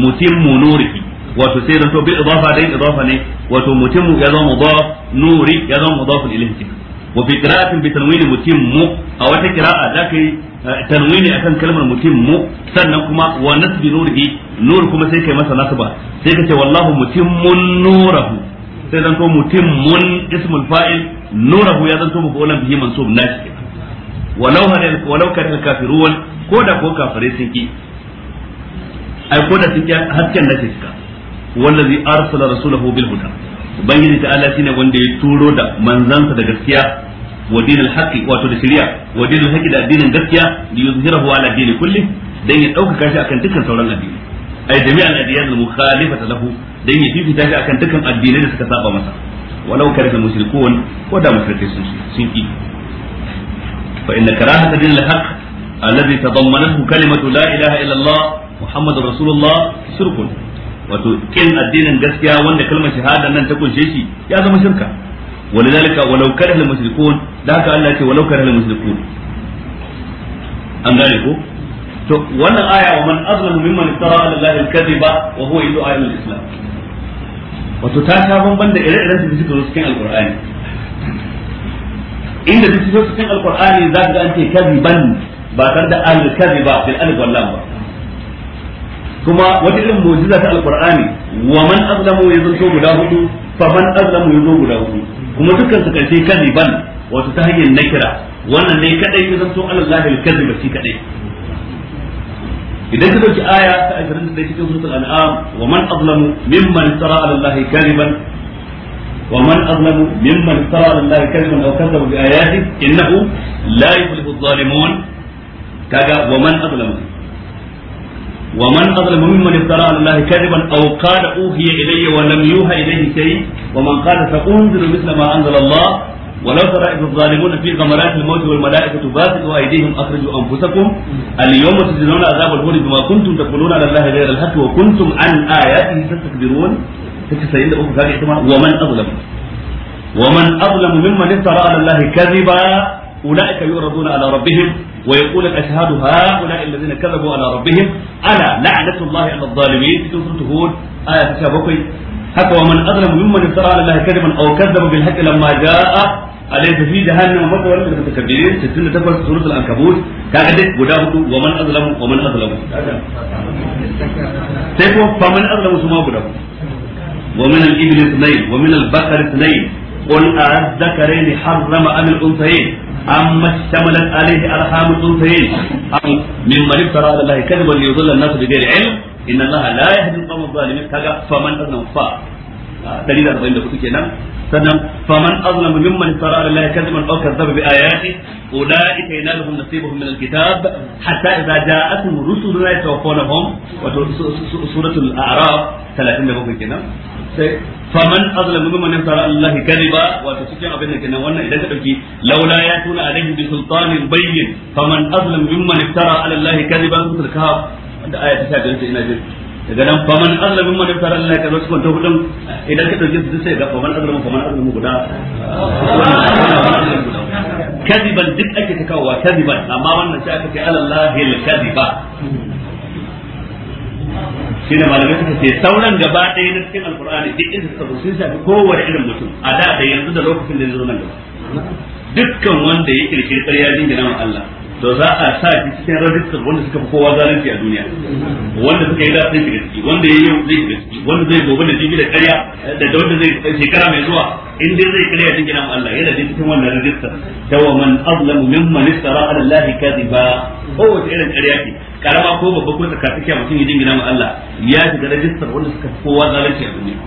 mutimmu nurihi wato sai zanto bil idafa dai idafa ne wato mutimmu ya zama mudaf nuri ya zama mudaf ilayhi wa fi qira'atin bi tanwini mutimmu a wata qira'a za ka yi eh, tanwini akan kalmar mutimmu sannan kuma wa nasbi nurihi nur kuma sai kai masa nasba sai ka ce wallahu mutimmun nurahu sai zanto mutimmun ismul fa'il nurahu ya zanto mafulan bihi mansub nashi walau hadal walau kadal kafirun ko da ko kafirai sun ki ai ko da sun ki hakkan ta Allah ne wanda ya turo da manzansa da gaskiya wa dinil wato da shari'a wa dinil haqqi da addinin gaskiya li yuzhirahu ala dini kulli dan ya dauka shi akan dukkan sauran addini ay jami'al adiyan mukhalifata lahu dan ya fifita shi akan dukkan addinai da suka saba masa walau kare da mushrikun ko da mushrikai sun sun ki fa inna karahata dinil kalimatu la ilaha wato kin addinin gaskiya wanda kalmar shahada nan ta kunshe shi ya zama shirka ولذلك ولو كره المشركون da haka Allah ce walau kana an gane ko to wannan aya wa man azlamu mimman ala allahi al wa huwa wato ta ta da ire-iren da suka cikin alqur'ani inda duk zo cikin alqur'ani za ga an ce kadhiban ba tare da al bil alif wal lam ba kuma wata irin mu'jiza ta alqur'ani wa man azlamu yanzu guda hudu fa man azlamu yanzu guda hudu kuma dukkan su karshe wato ta hanyar nakira wannan ne kadai ya zanto ala lahil kadhiba shi kadai idan ka dauki aya ta 21 cikin suratul an'am wa man azlamu mimman tara ala allahi kadiban wa man azlamu mimman tara ala allahi kadiban aw kadzaba bi ayati innahu la yuflihu adh-dhalimun kaga wa man azlamu ومن أظلم ممن افترى على الله كذبا أو قال أوهي إلي ولم يوحى إليه شيء ومن قال سأنزل مثل ما أنزل الله ولو ترى إذ الظالمون في غمرات الموت والملائكة باسطوا أيديهم أخرجوا أنفسكم اليوم تجزون عذاب الهون بما كنتم تقولون على الله غير الحق وكنتم عن آياته تستكبرون تكسرين أخرى كان ومن أظلم ومن أظلم ممن افترى على الله كذبا أولئك يعرضون على ربهم ويقول الأشهاد هؤلاء الذين كذبوا على ربهم ألا لعنة الله على الظالمين في سورة هود آية 7 haka wa man azlamu mimman iftara ala allahi kadiban aw kadzdzaba bil haqqi lamma jaa alaysa fi jahannam matwal lil mutakabbirin 68 suratul ankabut kaga dai guda hudu wa man azlamu wa man azlamu sai ko fa man azlamu suma guda wa min al ibli wa min al baqari قل أذكرين حرم أم الأنثيين أما اشتملت عليه أرحام الأنثيين أو ممن افترى على الله كذبا ليضل الناس بغير علم إن الله لا يهدي القوم الظالمين كذا فمن أذنب فاق dari da arba'in da hudu kenan sannan faman azlam mimman sarara lillahi kadiman aw kazzaba bi ayati ulaika yanaluhum nasibuhum min alkitab hatta idza ja'atuhum rusuluna yatawaffawnahum wa suratul a'raf 37 kenan sai faman azlam mimman sarara lillahi kadiba wa cikin abin nan kenan wannan idan ka dauki laula ya tuna alaihi bi sultanin bayyin faman azlam mimman iftara ala allahi kadiban mutul kahf da aya ta 15 ina jin daga nan faman azlamin man tara Allah ka zo cikin hudun idan ka dauke su sai ga faman azlamin faman mu guda kadiban duk ake ta kawo kadiban amma wannan sai aka ce alallahi alkadiba shi ne malamai suka ce sauran gaba ɗaya na cikin alkur'ani duk inda suka sun shafi kowane irin mutum a da da yanzu da lokacin da ya zo nan gaba dukkan wanda ya kirkiri ƙarya jingina wa Allah to za a sa shi cikin rajistar wanda suka fi kowa zalunci a duniya wanda suka yi zafin shiga ciki wanda ya yi zai shiga ciki wanda zai gobe da jibi da karya da wanda zai shekara mai zuwa in dai zai karya cikin nan Allah yana da cikin wannan rajistar dawa man azlamu mimman istara ala Allah kadiba kowace irin karya ce karama ko babba ko tsakatsakiya mutum ya jingina mu Allah ya shiga rajistar wanda suka fi kowa zalunci a duniya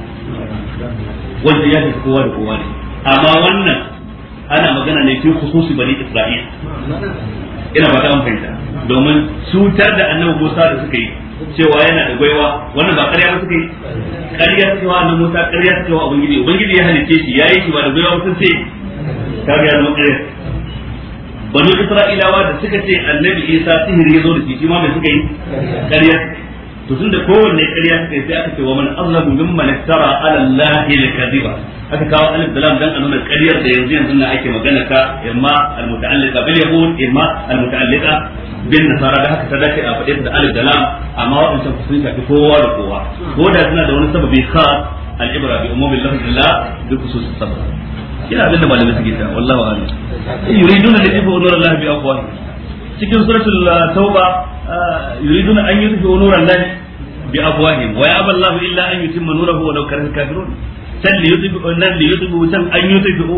wanda ya shiga kowa da kowa ne amma wannan ana magana ne fi khususi bani Isra'il ina ba ta amfanta domin cutar da annabi Musa da suka yi cewa yana da gwaiwa wannan ba ƙarya suka yi ƙarya cewa annabi Musa ƙarya cewa ubangiji ubangiji ya halice shi yayi shi ba da gwaiwa sun ce ta ga zama ƙarya banu Isra'ilawa da suka ce annabi Isa sihiri ya zo da shi shi ma mai suka yi ƙarya to tunda kowanne ƙarya suka yi sai aka ce wa man azlamu mimman iftara ala allahi al-kadhiba aka kawo alif da lam dan a ƙaryar da yanzu yanzu na ake magana ka imma al-muta'alliqa bil yahud imma al-muta'alliqa bin nasara da haka ta dace a faɗe da alif da Amma amma waɗancan sun shafi kowa da kowa ko da suna da wani sababi khas al-ibra bi umumi lafzillah bi khusus sabab kina abinda malamai suke ta wallahu a'lam yuriduna li yufu nur allah bi afwahihim cikin suratul uh, tauba uh, yuriduna an yudhi'u nuran lahi bi afwahihim wa ya'ba Allahu illa an yutimma nurahu wa law karihal kafirun can li yudhi'u uh, nan li yudhi'u can an yudhi'u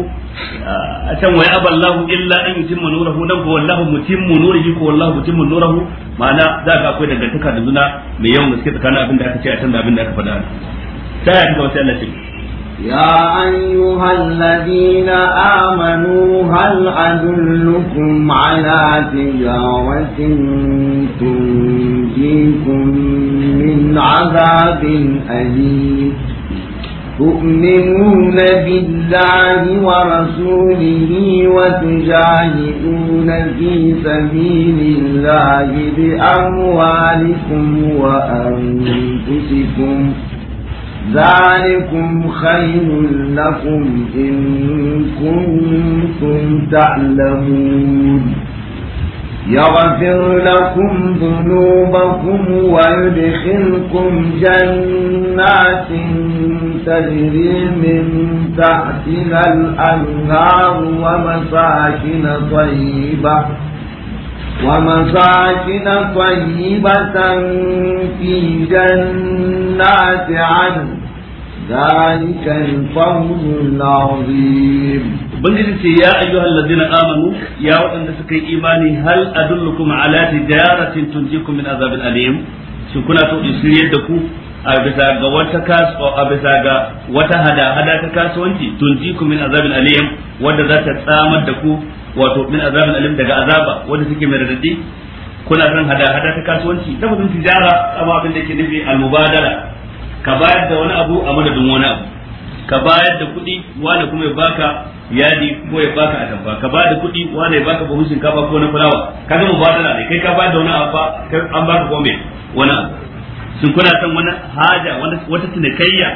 can wa ya'ba Allahu illa an yutimma nurahu nan ko wallahu mutimmu nurihi ko wallahu mutimmu nurahu ma'ana za ka akwai dangantaka da zuna mai yawan gaske tsakanin abin da aka ce a can da abin da aka faɗa ta yaya ga wata Allah ce يا أيها الذين آمنوا هل أدلكم على تجارة تنجيكم من عذاب أليم تؤمنون بالله ورسوله وتجاهدون في سبيل الله بأموالكم وأنفسكم ۖ ذلكم خير لكم إن كنتم تعلمون يغفر لكم ذنوبكم ويدخلكم جنات تجري من تحتها الأنهار ومساكن طيبة ومساكن طيبة في جنات عدن ذلك الفوز العظيم بنجد يا أيها الذين آمنوا يا وأن سكي إيماني هل أدلكم على تجارة تنجيكم من عذاب أليم شكونا تؤسي يدكو a bisa ga wata kasu a bisa ga wata hada hada ta kasuwanci tunjiku min azabin aliyam wanda za ta tsamar da ku wato min azabin alim daga azaba wanda suke mai radadi kuna son hada hada ta kasuwanci lafazin tijara amma abin da yake nufi almubadala ka bayar da wani abu a madadin wani abu ka bayar da kuɗi wani kuma ya baka yadi ko ya baka atamfa ka bayar da kuɗi wani ya baka buhun shinkafa ko na fulawa ka ga mubadala ne kai ka bayar da wani abu an baka ko mai wani abu sun kuna son wani haja wata tunakayya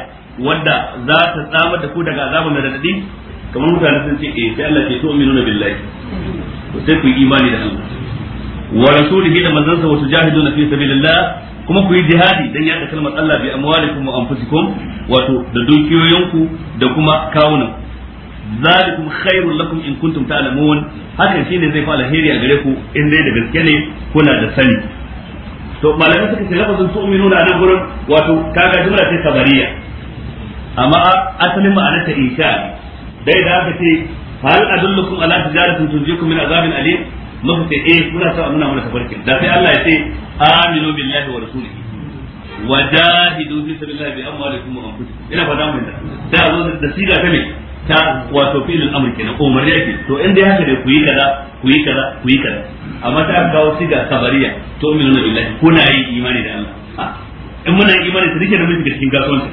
wadda za ta tsama da ku daga azaba mai radadi kamar mutane sun ce eh sai Allah ce to minuna billahi to sai ku yi imani da Allah wa rasulihi da manzansa wa tujahiduna fi sabilillah kuma ku yi jihadi dan yada kalmar Allah bi amwalikum wa anfusikum wato da dukiyoyinku da kuma kawunan zalikum khairul lakum in kuntum ta'lamun hakan shine zai fa alheri a gare ku in dai da gaske ne kuna da sani to malamai suka ce lafazin tu'minuna nan gurin wato kaga jumla ce kabariya amma asalin ma'anar ta insha dai da aka ce hal adullukum ala tijaratin tunjikum min azabin alim muka ce eh kuna sa nuna mana tabarkin da sai Allah ya ce aminu billahi wa rasulihi wajahidu fi sabilillahi bi amwalikum wa anfusikum ina fada mun da da zo da siga ta ne ta wato filin al-amr kenan umarni yake to in dai haka ne ku yi kaza ku yi kaza ku yi kaza amma ta kawo siga sabariya to min nuna billahi kuna yi imani da Allah ah, in muna imani ta dake da miji cikin kasuwanci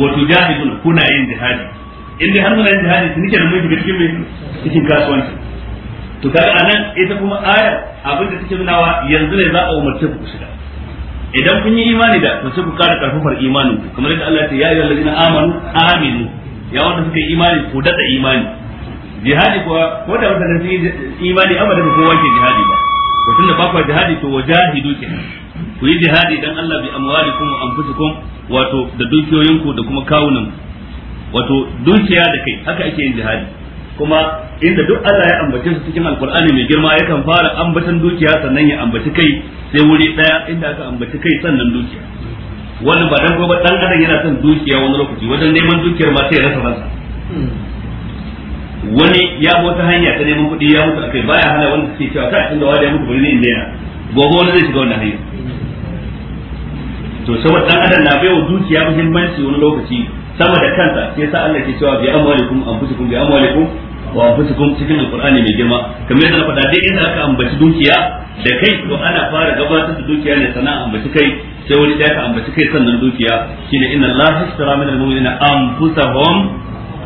wato jahidun kuna yin jihadi in dai har muna yin jihadi su nike da mun shiga cikin mai cikin kasuwanci to kaga anan ita kuma ayar abinda take nunawa yanzu ne za a umarce ku shiga idan kun yi imani da to sai ku kara karfafar imanin ku kamar yadda Allah ya ce ya ayyuhal ladina amanu aminu ya wanda suka yi imani ku dada imani jihadi kuwa ko da wanda zai imani amma da kowa ke jihadi ba ko tunda ba ku jihadi to wajahidu ke ku yi jihadi dan Allah bi amwalikum wa anfusikum wato da dukiyoyinku da kuma kawunan wato dukiya da kai haka ake yin jihadi kuma inda duk Allah ya ambace su cikin alkur'ani mai girma ya kan fara ambatan dukiya sannan ya ambaci kai sai wuri daya inda aka ambaci kai sannan dukiya wannan ba dan gobe ba dan adam yana son dukiya wani lokaci wajen neman dukiyar ma sai ya rasa ransa wani ya bi wata hanya ta neman kuɗi ya mutu akai baya hana wanda suke cewa ta inda wani ya mutu bari ne inda yana gobe wani zai shiga wannan hanya to saboda dan adam na wa dukiya muhimmanci wani lokaci sama da kansa sai yasa Allah ke cewa bi amwalikum anfusikum bi amwalikum wa anfusikum cikin alqur'ani mai girma kamar yadda na faɗa dai aka ambaci dukiya da kai to ana fara gabatar da dukiya ne sana'a ambaci kai sai wani ka ambaci kai sannan dukiya shine inna allaha ishtara min almu'minina anfusahum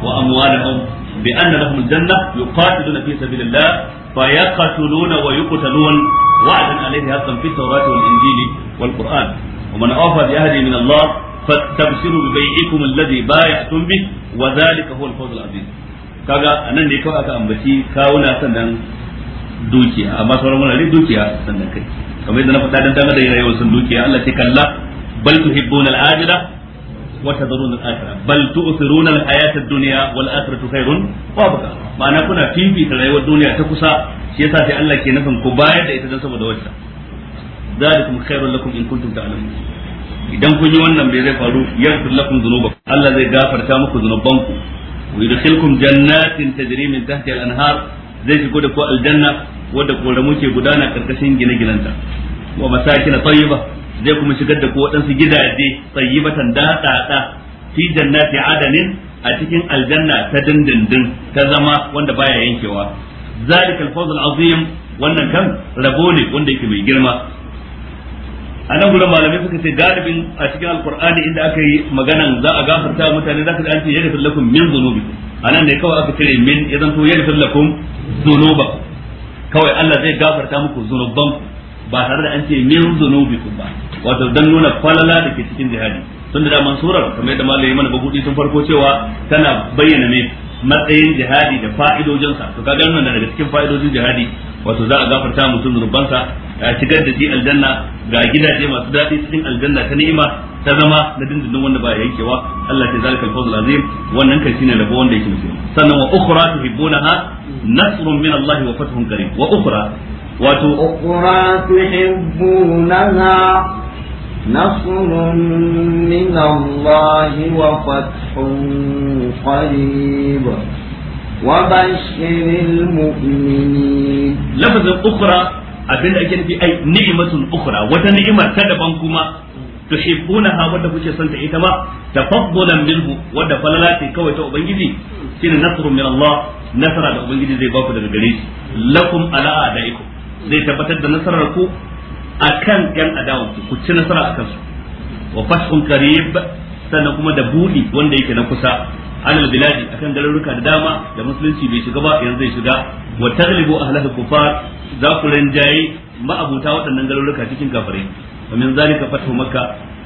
wa amwalahum bi anna lahum aljanna yuqatiluna fi sabilillah فيقتلون ويقتلون وعدا عليه حقا ومن بعهده من الله fastabshiru bi bai'ikum alladhi bay'atum bih wa dhalika huwa al-fawz al-azim kaga anan ne kawai aka ambaci kawuna sannan dukiya amma sauran wurare dukiya sannan kai kamar yadda na faɗa dan dama da yayin sun dukiya Allah ce kalla bal tuhibbuna al-ajila wa tadruna al-akhirah bal tu'thiruna al-hayata ad-dunya wal akhiratu khairun wa abqa ma'ana kuna fifita rayuwar duniya ta kusa shi yasa sai Allah ke nufin ku bayar da ita dan saboda wacce zalikum khairul lakum in kuntum ta'lamun idan kun yi wannan bai zai faru yaghfir lakum zunuba Allah zai gafarta muku dhunubanku wa yudkhilkum jannatin tajri min tahtiha al-anhar zai shigo da ku aljanna wadda koramu ke gudana karkashin gine-ginanta wa masakin tayyiba zai kuma shigar da ku waɗansu gidaje tayyibatan da tsada fi jannati adanin a cikin aljanna ta dindindin ta zama wanda baya yankewa zalikal fawzul azim wannan kan rabo ne wanda yake mai girma a nan gurin malamai suka ce galibin a cikin alkur'ani inda aka yi maganan za a gafarta mutane za ka ne kawai aka cire min ya zanto kawai Allah zai gafarta muku zunubanku ba tare da an ce min ba wato dan nuna falala da ke cikin jihadi tunda da surar kamar yadda malai mana bagudi tun farko cewa tana bayyana ne matsayin jihadi da fa'idojinsa to kaga nan daga cikin fa'idojin jihadi wato za a gafarta mutum zunubansa a shigar da shi aljanna ga gidaje masu daɗi cikin aljanna ta ni'ima ta zama na dindindin wanda ba yankewa Allah ta zalika al azim wannan kan shine rabo wanda yake musulmi sannan wa ukhra tuhibbunaha nasrun min Allah wa fathun karim wa ukhra wato ukhra tuhibbunaha نصر من الله وفتح قريب وبشر المؤمنين لفظ أخرى abin da ake nufi ai ni'matun ukhra wata ni'imar ta daban kuma ha wadda kuke son ta ita ma tafaddulan minhu wadda falala ce kawai ta ubangiji shine nasrun min Allah nasara da ubangiji zai baku daga gare shi lakum ala adaikum zai tabbatar da nasarar ku akan yan adawa ku ci nasara akan su wa fathun qarib sannan kuma da budi wanda yake na kusa alal biladi akan garuruka da dama da musulunci bai shiga ba yanzu zai shiga wa taghlibu ahlal kufar za ku rinjaye ma'abuta waɗannan garuruka cikin kafirai wa min zalika fathu makka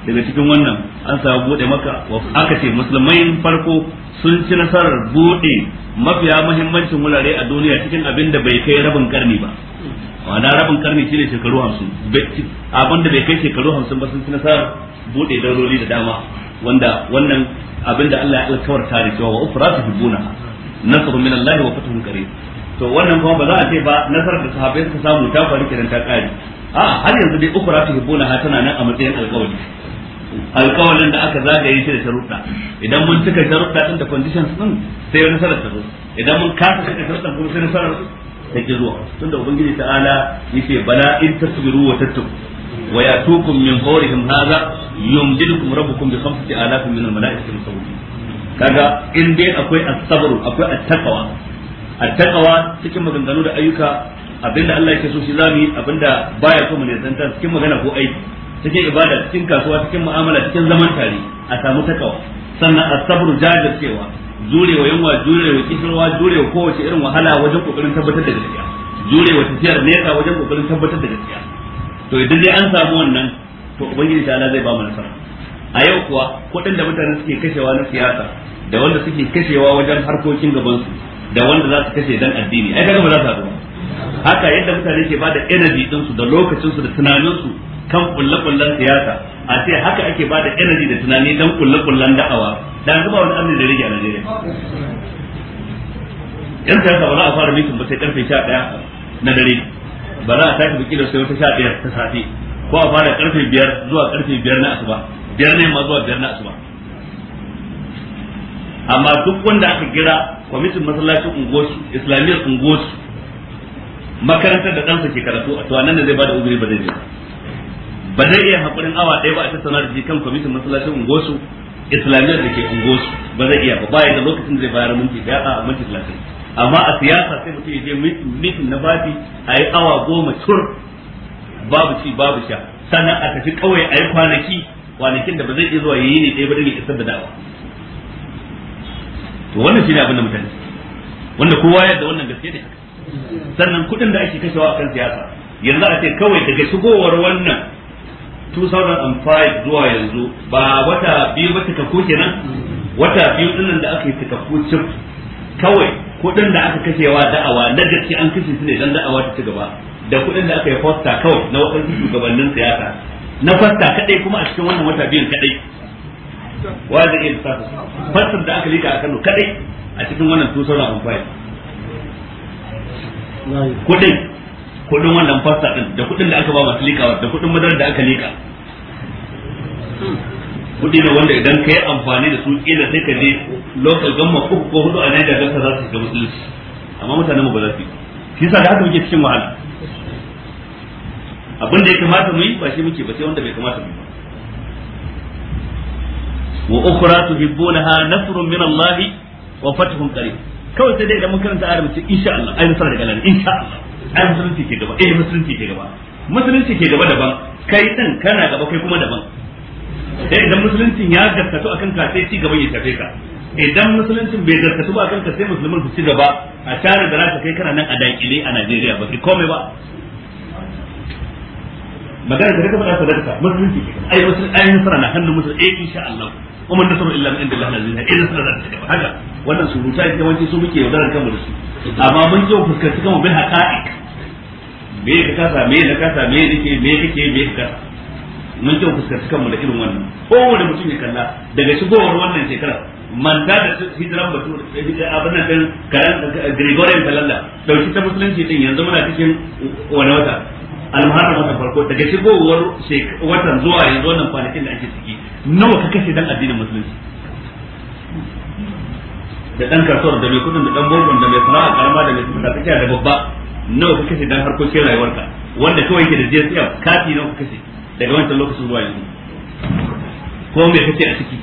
daga cikin wannan an samu bude maka aka ce musulmai farko sun ci nasarar buɗe mafiya muhimmancin wurare a duniya cikin abin da bai kai rabin karni ba ma'ana rabin karni shine shekaru hamsin abin da bai kai shekaru hamsin ba sun fi nasarar bude daroli da dama wanda wannan abin da Allah ya alkawarta da cewa wa ufratu hibuna nasrun min Allah wa fathun kare. to wannan kuma ba za a ce ba nasarar da sahabbai suka samu ta faru kenan ta kare a har yanzu dai ufratu hibuna ha tana nan a matsayin alkawari alkawarin da aka zagaye shi da sharuɗa idan mun cika sharuɗa din da conditions din sai nasarar ta zo idan mun kasa cika sharuɗa kuma sai nasarar ta ki tunda ubangiji ta'ala yace bala in tasbiru wa tattaku wa yatukum min fawrihim hadha yumdidukum rabbukum bi khamsati alafin min al-mala'ikati musawwimin kaga in dai akwai as-sabr akwai at-taqwa at-taqwa cikin maganganu da ayyuka abinda Allah yake so shi zamu yi abinda baya so mu ne zanta cikin magana ko aiki cikin ibada cikin kasuwa cikin mu'amala cikin zaman tare a samu takawa sannan as-sabr jajircewa jurewa yunwa jurewa kishirwa jurewa kowace irin wahala wajen kokarin tabbatar da gaskiya jurewa tafiyar nesa wajen kokarin tabbatar da gaskiya to idan dai an samu wannan to ubangiji ta Allah zai ba mu nasara a yau kuwa kuɗin da mutane suke kashewa na siyasa da wanda suke kashewa wajen harkokin gaban su da wanda za su kashe dan addini ai kaga ba za su haɗu haka yadda mutane ke bada energy din su da lokacin su da tunanin su kan kullakullan siyasa a ce haka ake bada energy da tunani dan kullakullan da'awa da yanzu ba yan siyasa ba za a fara mitin ba sai karfe 11 na dare ba za a tashi bikin sai wata 11 ta safe ko a fara karfe 5 zuwa karfe 5 na asuba biyar ne ma zuwa biyar na asuba amma duk wanda aka gira kwamitin masallacin ungosu islamiyyar ungosu makarantar da ɗansa ke karatu a tuwa da zai bada uzuri ba zai ba zai iya haƙurin awa ɗaya ba a tattauna da kan kwamitin masallacin ungosu islamiyyar da ke ungosu ba zai iya ba bayan da lokacin zai bayar minti da a minti talatin amma a siyasa sai mutum ya je mitin na bati a yi awa goma tur babu ci babu sha sannan a tafi kawai a yi kwanaki kwanakin da ba zai iya zuwa yi ne ɗaya ba dole isar da dawa to wannan shine abin da mutane wanda kowa ya da wannan gaske ne sannan kuɗin da ake kashewa akan siyasa yanzu a ce kawai daga shigowar wannan 2005 zuwa yanzu ba wata biyu ba takakku kenan wata biyu dinnan da aka yi takakku cif kawai kudin da aka kashewa da'awa na gaske an kashe su ne dan da'awa ta gaba da kudin da aka yi fosta kawai na waɗansu shugabannin siyasa na fosta kadai kuma a cikin wannan wata biyun kadai wa da iya lissafa da aka lika a Kano kadai a cikin wannan 2005 kudin kudin wannan fasta din da kudin da aka ba masu likawa da kudin madar da aka lika kudi ne wanda idan ka yi amfani da su kila sai ka je local gamma ko ko hudu a Niger don ka za su ga musulunci amma mutanen mu ba za su yi shi yasa da haka muke cikin wahala abin da ya kamata mu yi ba shi muke ba sai wanda bai kamata mu yi wa ukhra tuhibbunaha nasrun min Allah wa fathun qarib kawai sai dai idan mun karanta ayar mu insha Allah ai nasara daga Allah insha Allah ai musulunci ke gaba eh musulunci ke gaba musulunci ke gaba daban kai din kana gaba kai kuma daban sai idan musuluncin ya gaskatu akan ka sai ci gaban ya tafe ka idan musuluncin bai gaskatu ba akan ka sai musulmin su ci gaba a tare da naka kai kana nan a dakile a Najeriya ba ki komai ba magana da kaka faɗa sadarka musulunci ke ai musulunci ai nasara na hannun musulunci eh insha Allah kuma nasara illa min indillah na zina illa eh, nasara da ta haka wannan surutai yawanci su muke yaudarar kanmu da su amma mun kyau fuskanci kanmu bil haqa'iq me ka kasa me na kasa me nake me kake me ka mun kyau fuskanci kanmu da irin wannan kowane mutum ya kalla daga shigowar wannan shekarar manda da hijiran batu abin nan din karan Gregorian calendar dauki ta musulunci din yanzu muna cikin wani wata almuharram ta farko daga shigowar watan zuwa yanzu wannan kwanakin da ake ciki nawa ka kashe dan addinin musulunci da dan kasuwar da mai kudin da dan bobon da mai sana'a karama da mai sana'a kake da babba nawa kuka kashe dan harkokin rayuwarka wanda kawai yake da JSF kati nawa kuka kashe daga wancan lokacin zuwa yanzu ko me kace a ciki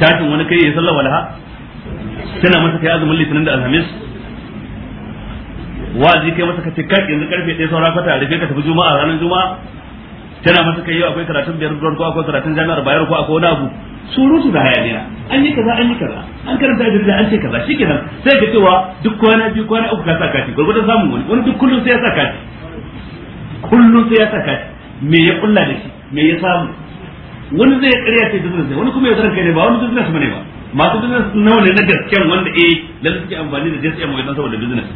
tashin wani kai ya sallama laha tana masa kai azumin litinin da alhamis wazi kai masa kace kai yanzu karfe 1 saura fata rufe ka tafi juma'a ranar juma'a tana masa kai yau akwai karatun biyar ko akwai karatun jami'ar bayar ko akwai wani abu surutu da hayaniya an yi kaza an yi kaza an karanta a jarida an ce kaza shikenan sai ka cewa duk kwana biyu kwana uku ka sa kati gurgurdan samun wani wani duk kullum sai ya sa kati kullum sai ya sa kati me ya kulla da shi me ya samu wani zai karya ce business ne wani kuma ya zaran kai ne ba wani business ne ba masu business nawa ne na gasken wanda eh lalle suke amfani da amma wajen saboda business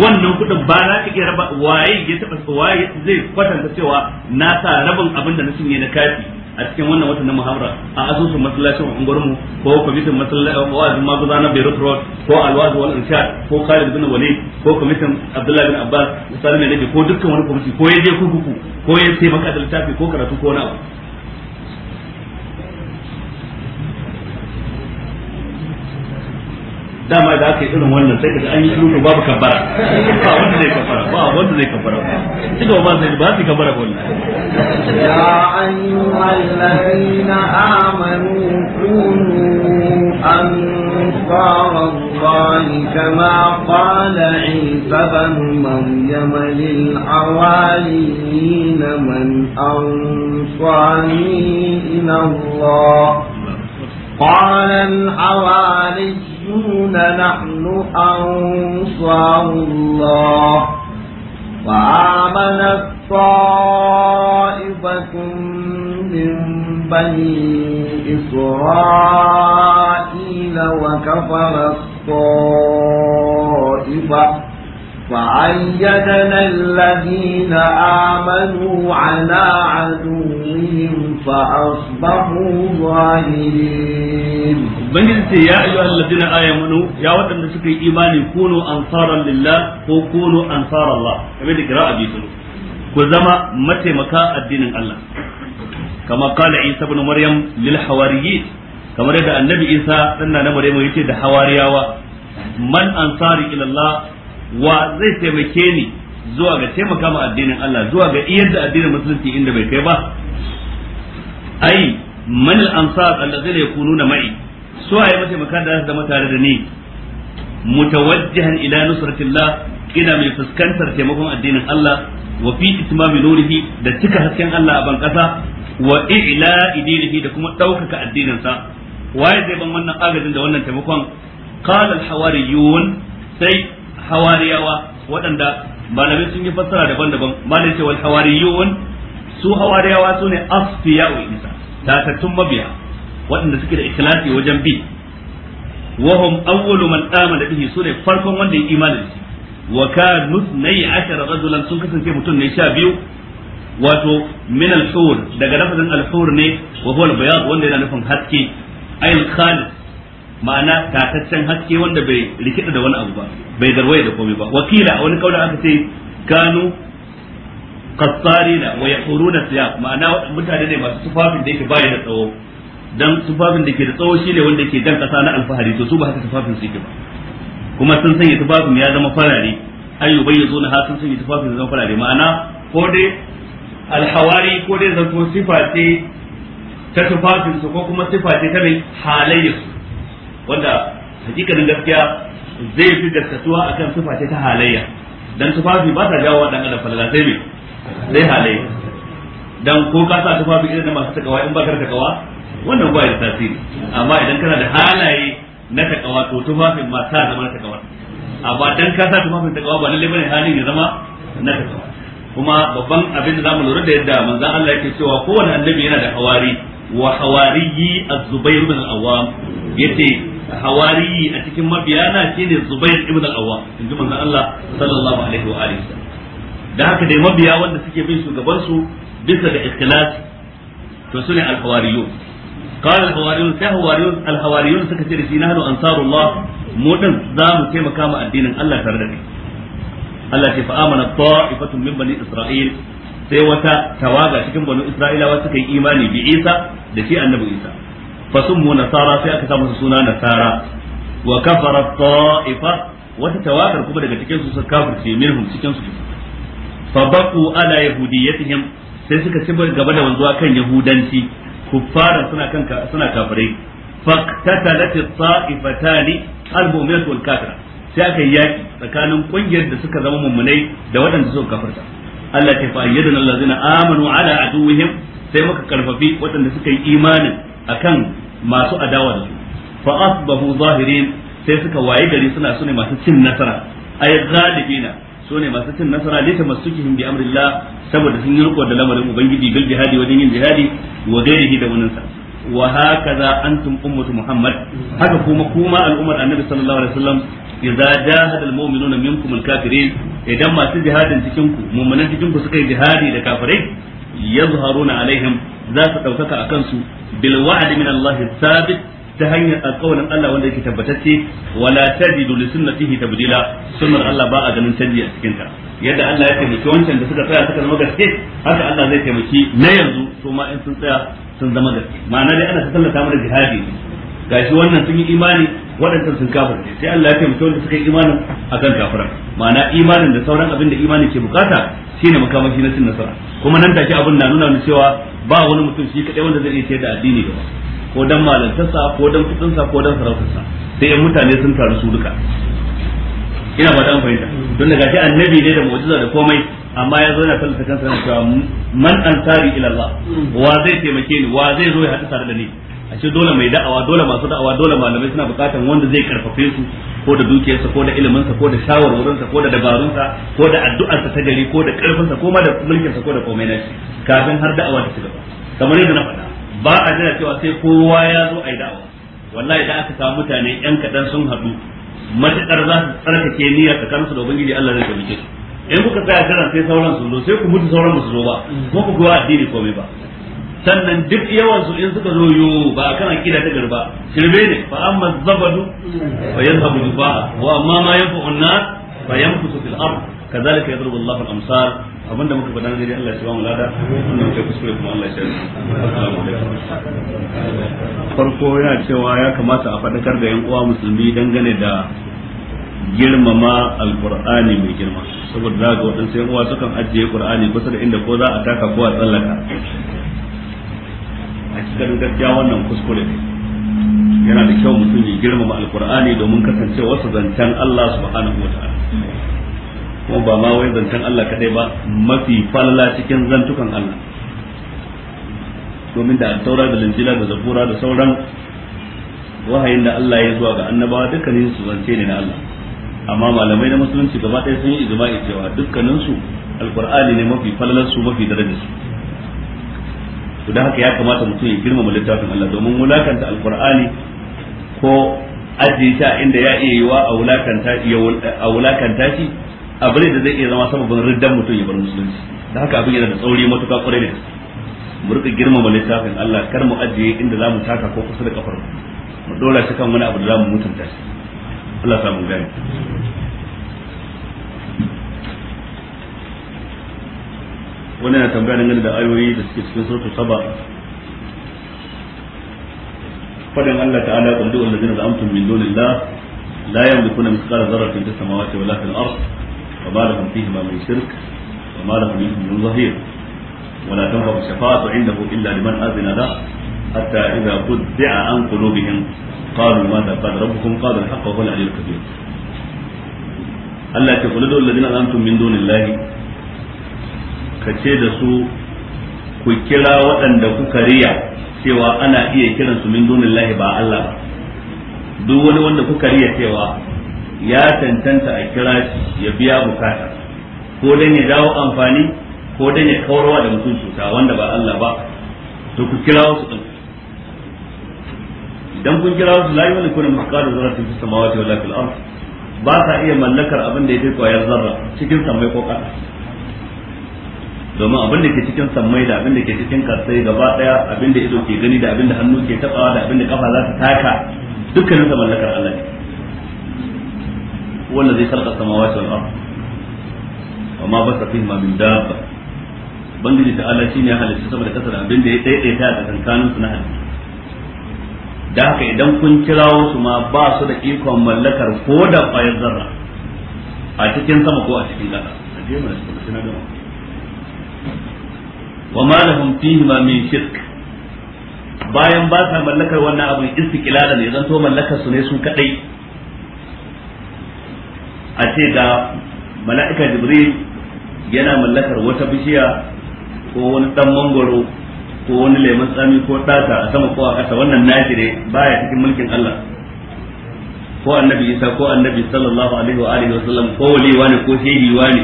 wannan kudin ba za ka iya raba waye ya taba waye zai kwatanta cewa na sa rabin abin da na cinye na kati a cikin wannan watan na muharram a asusun masallacin unguwarmu ko kwamitin masallacin wa'azin maguza na beirut road ko alwazi wal irshad ko khalid bin wani ko kwamitin abdullahi bin abbas misali ne ko dukkan wani kwamiti ko ya je kurkuku ko ya taimaka da littafi ko karatu ko wani abu dama da aka yi irin wannan sai kaga an yi shiru to babu kabbara ba wanda zai kabbara ba wanda zai kabbara ci gaba ba zai ba su kabbara ba ya ayyuhal ladina amanu kunu أنصار الله كما قال عيسى بن مريم للحواريين من أنصاري إلى الله قال الحواريون الصالحون نحن أنصار الله وآمنت طائفة من بني إسرائيل وكفرت طائفة فعيدنا الذين آمنوا على عدوهم فأصبحوا ظاهرين بنجلتي يا أيها الذين آمنوا يا وطن نسكي إيماني كونوا أنصارا لله وكونوا أنصار الله أبدا قراءة بيسلو كزما متى مكاء الدين الله كما قال عيسى بن مريم للحواريين كما رأى النبي عيسى أن مريم يتي حواريا من أنصاري إلى الله wa zai taimake ni zuwa ga taimaka ma addinin Allah zuwa ga iyar da addinin musulunci inda bai kai ba ai man al-ansar allazina nuna ma'i su ai mataimaka da su zama tare da ni mutawajjihan ila nusratillah ina mai fuskantar taimakon addinin Allah wa fi itmami nurihi da cika hasken Allah a ban kasa wa i'la idinihi da kuma daukaka addinin sa waye zai ban wannan agajin da wannan taimakon qala al-hawariyun sai hawariyawa waɗanda malamai sun yi fassara daban-daban malai ce wal su hawariyawa su ne asfiya'u isa tatattun mabiya waɗanda suke da ikhlasi wajen bi wahum awwalu man da bihi su ne farkon wanda ya imani da shi wa kanu 12 rajulan sun kasance mutum ne biyu, wato min al-hur daga lafazin al-hur ne wa huwa al-bayad wanda yana nufin haske ayil khalis ma'ana tataccen haske wanda bai rikida da wani abu ba bai garwaye da komai ba wakila wani kaula aka ce kanu qassarina wa yahuruna siyaq ma'ana mutane ne masu tufafin da yake bai da tsawo dan tufafin da ke da tsawo shine wanda ke jan kasa na alfahari to su ba haka tufafin su yake ba kuma sun sanya tufafin ya zama farare ayyu bayyana ha sun sanya tufafin ya zama farare ma'ana ko dai alhawari ko dai zan sifa ce ta tufafin su ko kuma sifa ce ta mai halayyar wanda hakikanin gaskiya zai fi gaskatuwa akan sifa ta halayya dan tufafi ba ta jawo wa dan adam falala sai me sai halayya dan ko ka sa tufafi irin da masu takawa in ba ka takawa wannan ba ya tasiri amma idan kana da halaye na takawa to tufafin ma ta zama na takawa amma dan ka sa tufafin takawa ba lalle bane halin ya zama na takawa kuma babban abin da zamu lura da yadda manzo Allah yake cewa kowanne annabi yana da hawari wa hawariyi az zubayr bin al-awwam yace hawariyi a cikin mabiyana shine Zubair ibn al-Awwam inji manzon Allah sallallahu alaihi wa alihi da haka dai mabiya wanda suke bin shugaban su bisa ga ikhlas to sune al-hawariyun قال الحواريون sai hawariyun alhawariyun suka ce da shi nahnu ansarullah mu din za mu taimaka mu addinin Allah tare da kai Allah ce fa amana ta'ifatun min bani isra'il sai wata tawaga cikin bani isra'ilawa suka yi imani bi Isa da shi annabi Isa fasummu nasara sai aka sa musu suna nasara wa kafara ta'ifa wata tawagar kuma daga sai suka ci gaba da wanzuwa yahudanci kuffaran suna kan suna kafirai faqtatalat at aka yi yaki tsakanin da zama da Allah ta amanu ala sai muka karfafi waɗanda suka yi imanin akan masu adawa da su fa asbahu zahirin sai suka waye gari suna sune masu cin nasara ay ghalibina sune masu cin nasara ne ta masukihim bi amrillah saboda sun yi riko da lamarin ubangiji bil jihadi wajen yin jihadi wa gairihi da wannan wa hakaza antum ummatu muhammad haka kuma kuma al'ummar annabi sallallahu alaihi wasallam idza jahada almu'minuna minkum alkafirin idan masu jihadin cikin ku mu'minan cikin ku suka yi jihadi da kafirai yazharuna alaihim za su ɗaukaka a kansu bil wa'di min Allah sabit ta hanyar alƙawarin Allah wanda yake tabbatacce wala tajidu li sunnatihi tabdila sunnar Allah ba a ganin canji a cikin ta yadda Allah ya taimaki wancan da suka tsaya suka zama gaske haka Allah zai taimaki na yanzu su ma in sun tsaya sun zama gaske ma'ana dai ana sallata mana jihadi gashi wannan sun yi imani waɗancan sun kafirce sai Allah ya taimaki wanda suka yi imanin akan kafira ma'ana imanin da sauran abin da imani ke bukata shine makamashi na cin nasara kuma nan take abin na nuna cewa ba wani mutum shi kadai wanda zai iya da addini gaba ko dan malantarsa ko dan kudinsa ko dan sarautarsa sai yan mutane sun taru su duka ina ba dan da don da gashi annabi ne da mu'jiza da komai amma ya zo yana tallata kansa cewa man ansari ila Allah mm. wa zai taimake ni wa zai zo ya hadu tare da ni a ce dole mai da'awa dole masu da'awa dole malamai suna bukatan wanda zai karfafe su ko da dukiyarsa ko da iliminsa ko da shawarwarinsa ko da dabarunsa ko da addu'arsa ta gari ko da karfinsa ko ma da mulkinsa ko da komai na shi kafin har da'awa ta ci gaba kamar yadda na faɗa ba a jira cewa sai kowa ya zo a yi da'awa wallahi da aka samu mutane yan kaɗan sun haɗu matuƙar za su tsarkake niyyar tsakaninsu da ubangiji Allah zai taimake su in kuka tsaya jiran sai sauran su zo sai ku mutu sauran ba su zo ba ko ku kuwa addini komai ba sannan duk yawan su in suka zo yo ba kana akida ta garba shirme ne fa amma zabadu fa yanhabu dufa wa amma ma yanfa'un nas fa yanfusu fil ard kadhalika yadrubu Allahu al-amsal abinda muka faɗa dai Allah ya ba mu lada wannan muke kuskure kuma Allah ya shirya assalamu alaikum farko yana cewa ya kamata a faɗakar da yan uwa musulmi dangane da girmama alkur'ani mai girma saboda za ga waɗansu yan uwa sukan ajiye qur'ani kusa da inda ko za a taka ko a tsallaka a cikin gaskiya wannan kuskure ne yana da kyau mutum ya girmama alkur'ani domin su zancen Allah subhanahu wataala kuma ba ma wai zancen Allah kadai ba mafi falala cikin zantukan Allah domin da taura da linjila da zabura da sauran wahayin da Allah ya zuwa ga annabawa dukkanin su zance ne na Allah amma malamai na musulunci gaba ɗaya sun yi ijma'i cewa dukkanin su ne mafi falalar su mafi darajar su to da haka ya kamata mutum ya girmama littafin Allah domin wulakanta alqur'ani ko ajiye ta inda ya iya yiwa a wulakanta a wulakanta shi abin da zai iya zama sababin riddan mutum ya bar musulunci da haka abin yana da tsauri matuka kwarai da mu rika girmama littafin Allah kar mu ajiye inda zamu taka ko kusa da kafar mu dora shi kan wani abu da zamu mutunta shi Allah samu gani wani na tambaya dangane da ayoyi da suke cikin suratu saba fadin Allah ta'ala qul du'al ladzina za'amtum min dunillah la yamlikuna mithqala dharratin fis samawati wala fil ard wa ma lahum fihi min shirk wa ma lahum min ka ce da su ku kira waɗanda kuka riya cewa ana iya kiransu min lahi ba Allah ba duk wani wanda kuka riya cewa ya tantanta a kira shi ya biya bukata ko dan ya dawo amfani ko dan ya kawarwa da mutum cuta wanda ba Allah ba to ku kira wasu din idan kun kira wasu la yawli kuna misqalu zarratin fis samawati wala fil ard ba sa iya mallakar abin da ya yake kwayar zarra cikin samai ko kasa domin abin da ke cikin sammai da abin da ke cikin karsai gaba daya abin da ido ke gani da abin da hannu ke tabawa da abin da kafa za ta taka dukkanin sa mallakar Allah ne wanda zai sarka samawati wal ardh wa ma basa fihi ma min dabba bangiji ta Allah shine ya halitta saboda kasar abin da ya daidaita ta tsakanin su na halitta da haka idan kun kirawo su ma ba su da ikon mallakar ko da kwayar zarra a cikin sama ko a cikin kasa. a je mana shi na gama wa ma lahum fihi ma min shirk bayan ba sa mallakar wannan abu istiqlala ne zan to mallakar su ne su kadai a ce ga mala'ika jibril yana mallakar wata bishiya ko wani dan mangoro ko wani lemon tsami ko data a sama ko a kasa wannan nashi ne baya cikin mulkin Allah ko annabi isa ko annabi sallallahu alaihi wa alihi wa ko wali wani ko shehi wani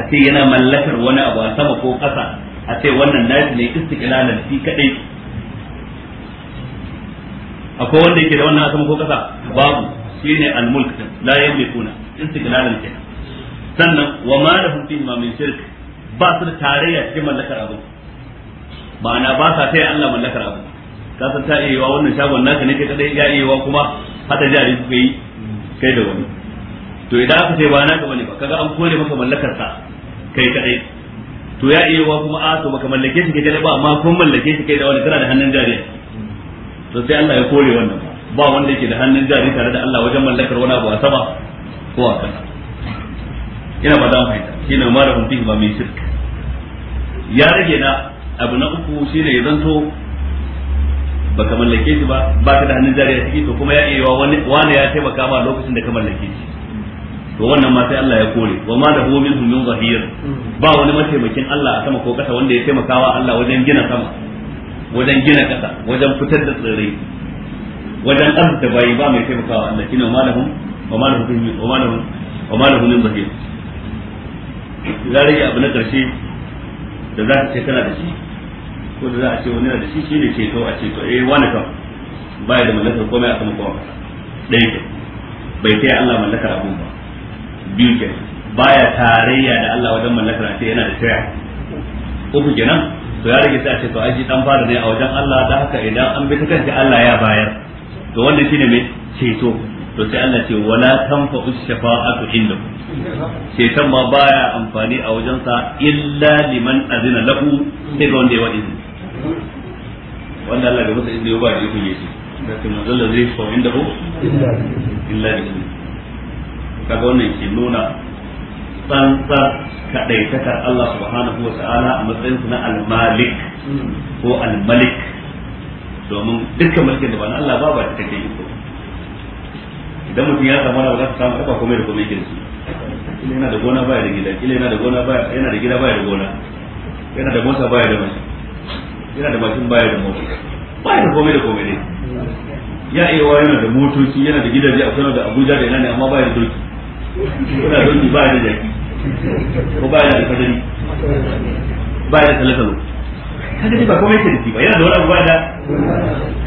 a ce yana mallakar wani abu a sama ko kasa a ce wannan nashi ne istiqlalan shi kadai akwai wanda yake da wannan asama ko kasa babu shine al-mulk din la yamlikuna istiqlalan ke sannan wa ma lahum fihi ma min shirk ba su da tarayya cikin mallakar abu ma'ana ba sa taya Allah mallakar abu ka san ta iya wannan shagon naka ne kai kadai ya iya kuma hada jari suka yi kai da wani to idan aka ce ba naka bane ba kaga an kore maka mallakar sa kai kadai to ya iya wa kuma a to baka mallake shi kai ba amma kun mallake shi kai da wani kana da hannun jari to sai Allah ya kore wannan ba wanda yake da hannun jari tare da Allah wajen mallakar wani abu a sama ko a kasa ina ba dan fahimta shine ma da hunti ba mai shirk ya rage na abu na uku shine ya zanto baka mallake shi ba baka da hannun jari a ciki to kuma ya iya wa wani ya taimaka ma lokacin da ka mallake shi to wannan ma sai Allah ya kore wa ma da minhum min zahir ba wani mataimakin Allah a sama ko kasa wanda ya taimakawa Allah wajen gina sama wajen gina kasa wajen fitar da tsirrai wajen arzuta bayi ba mai taimakawa Allah shine ma lahum wa ma da wa wa ma lahum min zahir zalika abu na karshe da za ka ce kana da shi ko da za a ce wani na da shi shine to a ce ceto eh wani kam baya da mallakar komai a sama kowa ɗaya bai kai Allah mallakar abun ba biyu kenan baya tarayya da Allah wajen mallakar ce yana da shaya uku kenan to ya rage sai a ce to aji dan fara ne a wajen Allah da haka idan an bi ta kanta Allah ya bayar to wanda shine mai ceto to sai Allah ce wala tanfa'u shafa'atu inda ceton ma baya amfani a wajen sa illa liman azina lahu sai ga wanda ya wadi wanda Allah da masa inda ya ba da yake yi sai kuma zalla zai fa inda illa liman kaga wannan ke nuna tsantsar kaɗaitakar Allah subhanahu wa ta'ala a matsayin na al-malik ko al-malik domin dukkan mulkin da ba na Allah ba ba take iko idan mutum ya samu wani za ta samu ba komai da komai yake su yana da gona baya da gida kila yana da gona baya yana da gida baya da gona yana da mota baya da mota yana da mashin baya da mota baya da komai da komai ne ya iya yana da motoci yana da gidaje a Kano da Abuja da yana ne amma baya da doki kuna doki ba da jaki ko ba da alfajari ba da talakalo kaga ba komai ke da ba yana da wani abu ba da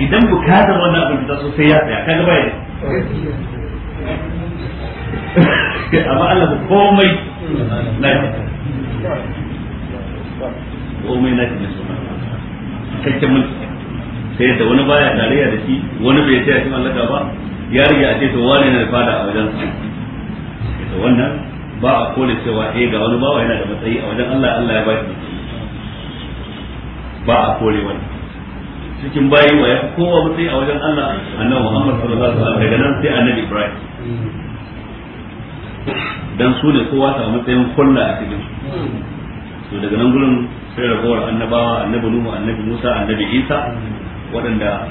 idan bukatar wannan abin da sosai ya tsaya kaga ba da. amma Allah ko komai na komai na shi ne suna cikakken mulki sai da wani baya tarayya da shi wani bai taya shi mallaka ba ya rige a ce to wane na fada a wajen su to wannan ba a kone cewa eh ga wani bawa yana da matsayi a wajen Allah Allah ya ba shi ba a kore wani cikin bayi wa ya kowa matsayi a wajen Allah annabi Muhammad sallallahu alaihi wasallam daga nan sai annabi Ibrahim dan su ne kowa ta matsayin kulla a cikin to daga nan gurin sai ragowar annabawa annabi Nuhu annabi Musa annabi Isa waɗanda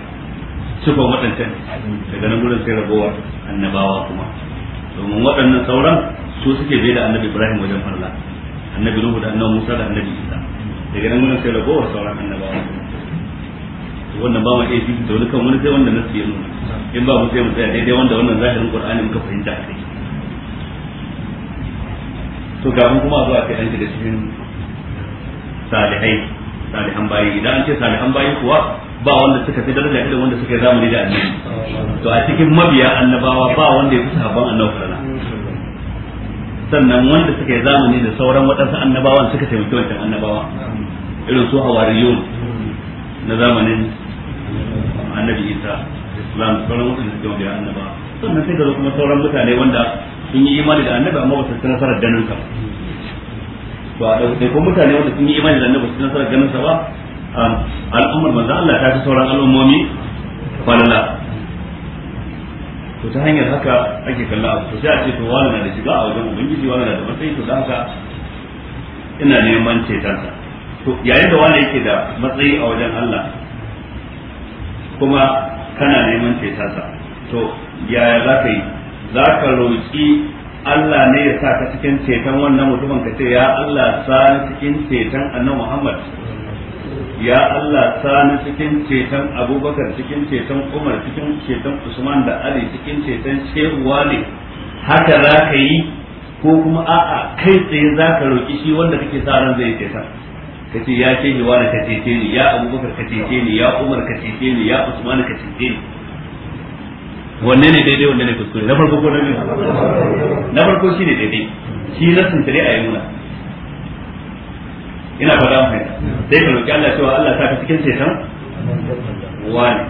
suka waɗancan daga nan gurin sai ragowar annabawa kuma domin waɗannan sauran su suke bai da annabi ibrahim wajen farla annabi nuhu da annabi musa da annabi isa daga nan gudun sai da gowar sauran annabawa wannan ba ma iya fi da wani kan wani sai wanda nasu yi nuna in ba mu sai mu tsaya daidai wanda wannan zahirin qur'ani muka fahimta a kai to kafin kuma zuwa kai an shiga cikin salihai salihan bayi idan an ce salihan bayi kuwa ba wanda suka fi daraja irin wanda suka zamani da annabi to a cikin mabiya annabawa ba wanda ya fi sahabban annabi sallallahu alaihi wasallam sannan wanda suka zamani da sauran waɗansu annabawan suka taimaki wancan annabawa irin su hawariyun na zamanin annabi isa islam sauran waɗanda suka mabiya annabawa sannan sai da kuma sauran mutane wanda sun yi imani da annabi amma ba su ci nasarar ganin sa ba to a ɗauke ko mutane wanda sun yi imani da annabi su ci nasarar ganin sa ba Um, al'ummar manzo Allah ta fi sauran al'ummomi falala to ta hanyar haka ake kalla abu to sai a ce to wani na da shiga a wajen ubangiji wani na da matsayi to da haka ina neman cetonsa to yayin da wani yake da matsayi a wajen Allah kuma kana neman cetonsa to yaya za ka yi za ka roƙi Allah ne ya sa ka cikin ceton wannan mutumin ka ce ya Allah sa cikin ceton annabi Muhammad ya Allah sani cikin ceton abubakar cikin ceton umar cikin ceton usman da ali cikin ceton cewa ne haka za ka yi ko kuma a'a kai tsaye za ka roƙi shi wanda kake sa ran zai ceta ka ce ya ce wa ka cece ni ya abubakar ka cece ni ya umar ka cece ni ya usman ka cece ni wanne ne daidai wanne ne kuskure na farko ko na biyu na farko shi ne daidai shi rasin tare a yi nuna ina mu mai sai ka roki Allah cewa Allah saka cikin ceton wani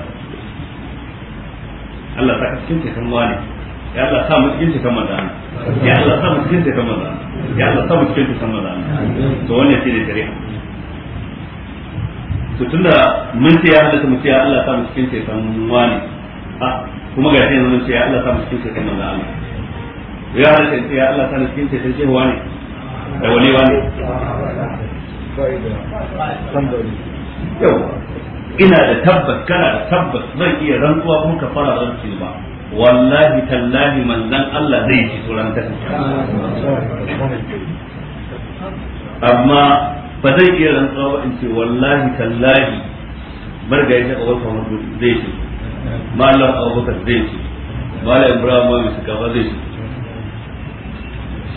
Allah saka cikin ceton wani ya Allah sa mu cikin ceton manzo ya Allah sa mu cikin ceton manzo ya Allah sa mu cikin ceton manzo to wannan shine shari'a to tunda mun ce ya halatta mu ce Allah sa mu cikin ceton wani a kuma ga sai mun ce ya Allah sa mu cikin ceton manzo Allah ya Allah sa mu cikin ceton cewa ah, da wani wani by ina da tabbas kana da tabbas zan iya rantsuwa kuma ka fara rantsi ba wallahi tallahi manzan Allah zai ci tsoron ta amma ba zai iya rantsuwa ba in ce wallahi tallahi marga ya taɓa wata wani zai ci malam abubakar zai ci malam ibrahim ma mai shugaba zai ci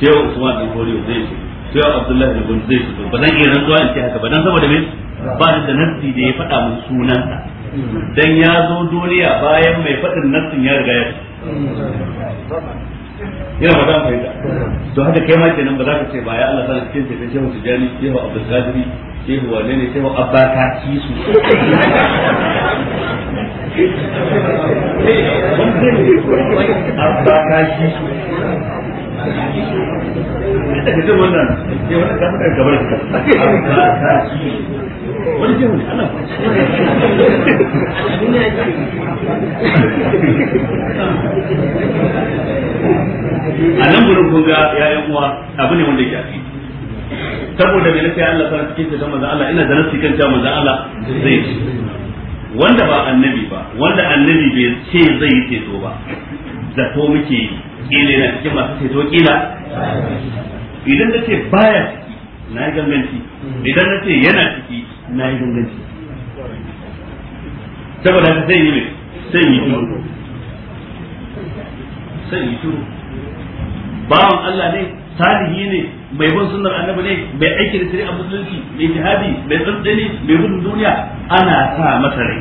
shehu usman dan koriyo zai ci sai abdullahi da gudu zai fito ba zan iya rantsuwa in ce haka ba dan saboda me ba da nassi da ya faɗa mun sunansa dan ya zo duniya bayan mai faɗin nassin ya riga ya yana ba za mu fahimta to haka kai ma kenan ba za ka ce ba ya Allah sana cikin ce sai shehu tijani shehu abdul qadiri shehu wane ne shehu abba ka ci su abba ka ci su wannan ya wani gabar a nan kun ga yayan uwa abu ne wanda ya fi saboda mai nufi Allah sana cikin da manzo Allah ina da cikin kan cewa manzo Allah zai ci wanda ba annabi ba wanda annabi bai ce zai ce to ba zato muke yi kila yana cikin masu ceto kila idan na ce baya ciki na yi ganganci idan na ce yana ciki na yi ganganci saboda haka sai yi mai sai yi turu sai yi turu bawan Allah ne salihi ne mai bin sunnar annabi ne mai aiki da a musulunci mai jihadi mai tsantsani mai gudun duniya ana sa masa rai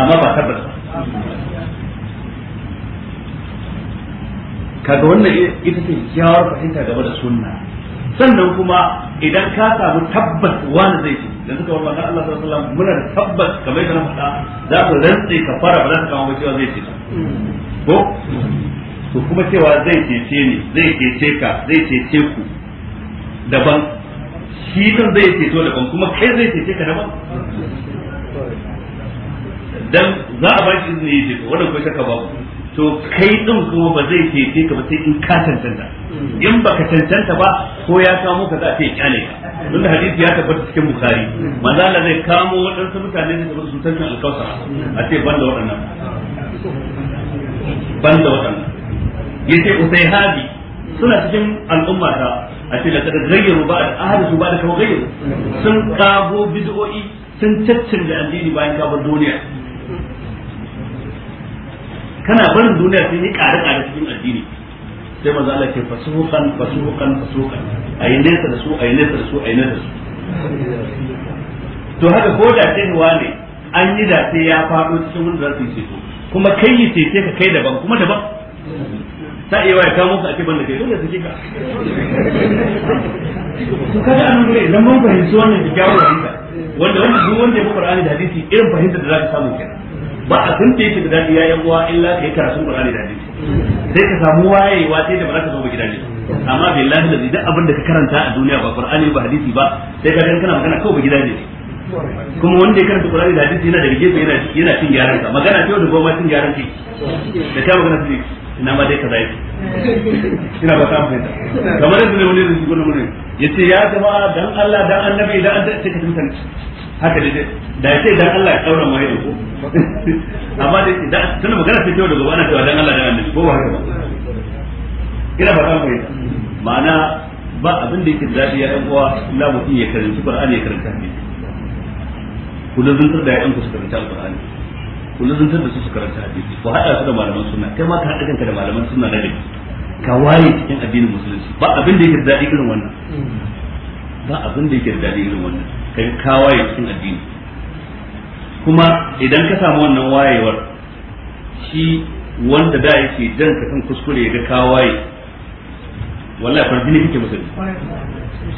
amma ba tabbata kaga wannan ita ce kyawar fahimta game da sunna sannan kuma idan ka samu tabbas wani zai ce da suka wani Allah sallallahu alaihi wasallam muna tabbas kamar yadda na faɗa za ku rantse ka fara ba za ka kama cewa zai ce ko to kuma cewa zai cece ni zai cece ka zai cece ku daban shi kan zai ceto daban kuma kai zai cece ka daban dan za a ba shi izini ya ce wannan ko shakka babu to kai din kuma ba zai cece ka ba sai in ka tantanta in ba ka tantanta ba ko ya kamo ka za a ce kyale ka da hadisi ya tabbata cikin bukhari manzo zai kamo waɗansu mutane da su tantan alkausar a ce ban da waɗannan ban da waɗannan Usai usayhabi suna cikin al'umma ta a ce da kada gayyaru ba da ahadu su ba da kawo gayyaru sun kago bid'o'i sun caccin da addini bayan kabar duniya kana barin duniya sai ni ƙare ƙare cikin addini sai manzo Allah ce fasuhan fasuhan fasuqan ayi nesa da su ayi nesa da su ayi nesa da su to haka ko da sai ne an yi da sai ya faɗo cikin wanda da su ceto kuma kai yi ceto ka kai daban kuma daban ta iya waya kawo muku ake ban da kai dole su kika to kada an gure idan mun fahimci wannan kyakkyawar wanda wanda duk wanda ya bi Qur'ani da hadisi irin fahimtar da za ka samu kenan ba a san da yake da dadi yayin uwa illa kai karatun Qur'ani da dadi. sai ka samu wayewa sai da ba za ka zo ba gidaje amma billahi da duk abin da ka karanta a duniya ba Qur'ani ba hadisi ba sai ka kana magana kawai ba gidaje kuma wanda ya karanta Qur'ani da hadisi yana da gefe yana yana cin yaran ka magana ce da goma cin yaran ki da ta magana ce ina ma dai kaza yake ina ba ta amfani kamar yadda ne wani da shi gudun mulki yace ya jama'a dan Allah dan annabi dan an sai ka tuntan haka dai da yace dan Allah ya daura mai da amma dai idan tun magana ta kyau da gaba cewa dan Allah dan annabi ko ba haka ba ina ba ta amfani ma'ana ba abin da yake daɗi ya ɗan uwa mutum ya karanci Qur'ani ya karanta zuntar da ya ɗan karanta Kullum lazantar da su su karanta hadisi ku haɗa su da malaman sunna kai ma ka haɗa kanka da malaman sunna na dai ka waye cikin addinin musulunci ba abin da yake da daɗi irin wannan ba abin da yake da daɗi irin wannan kai ka waye cikin addini kuma idan ka samu wannan wayewar shi wanda da yake jan ka kan kuskure ya ga ka waye wallahi ne kike musulmi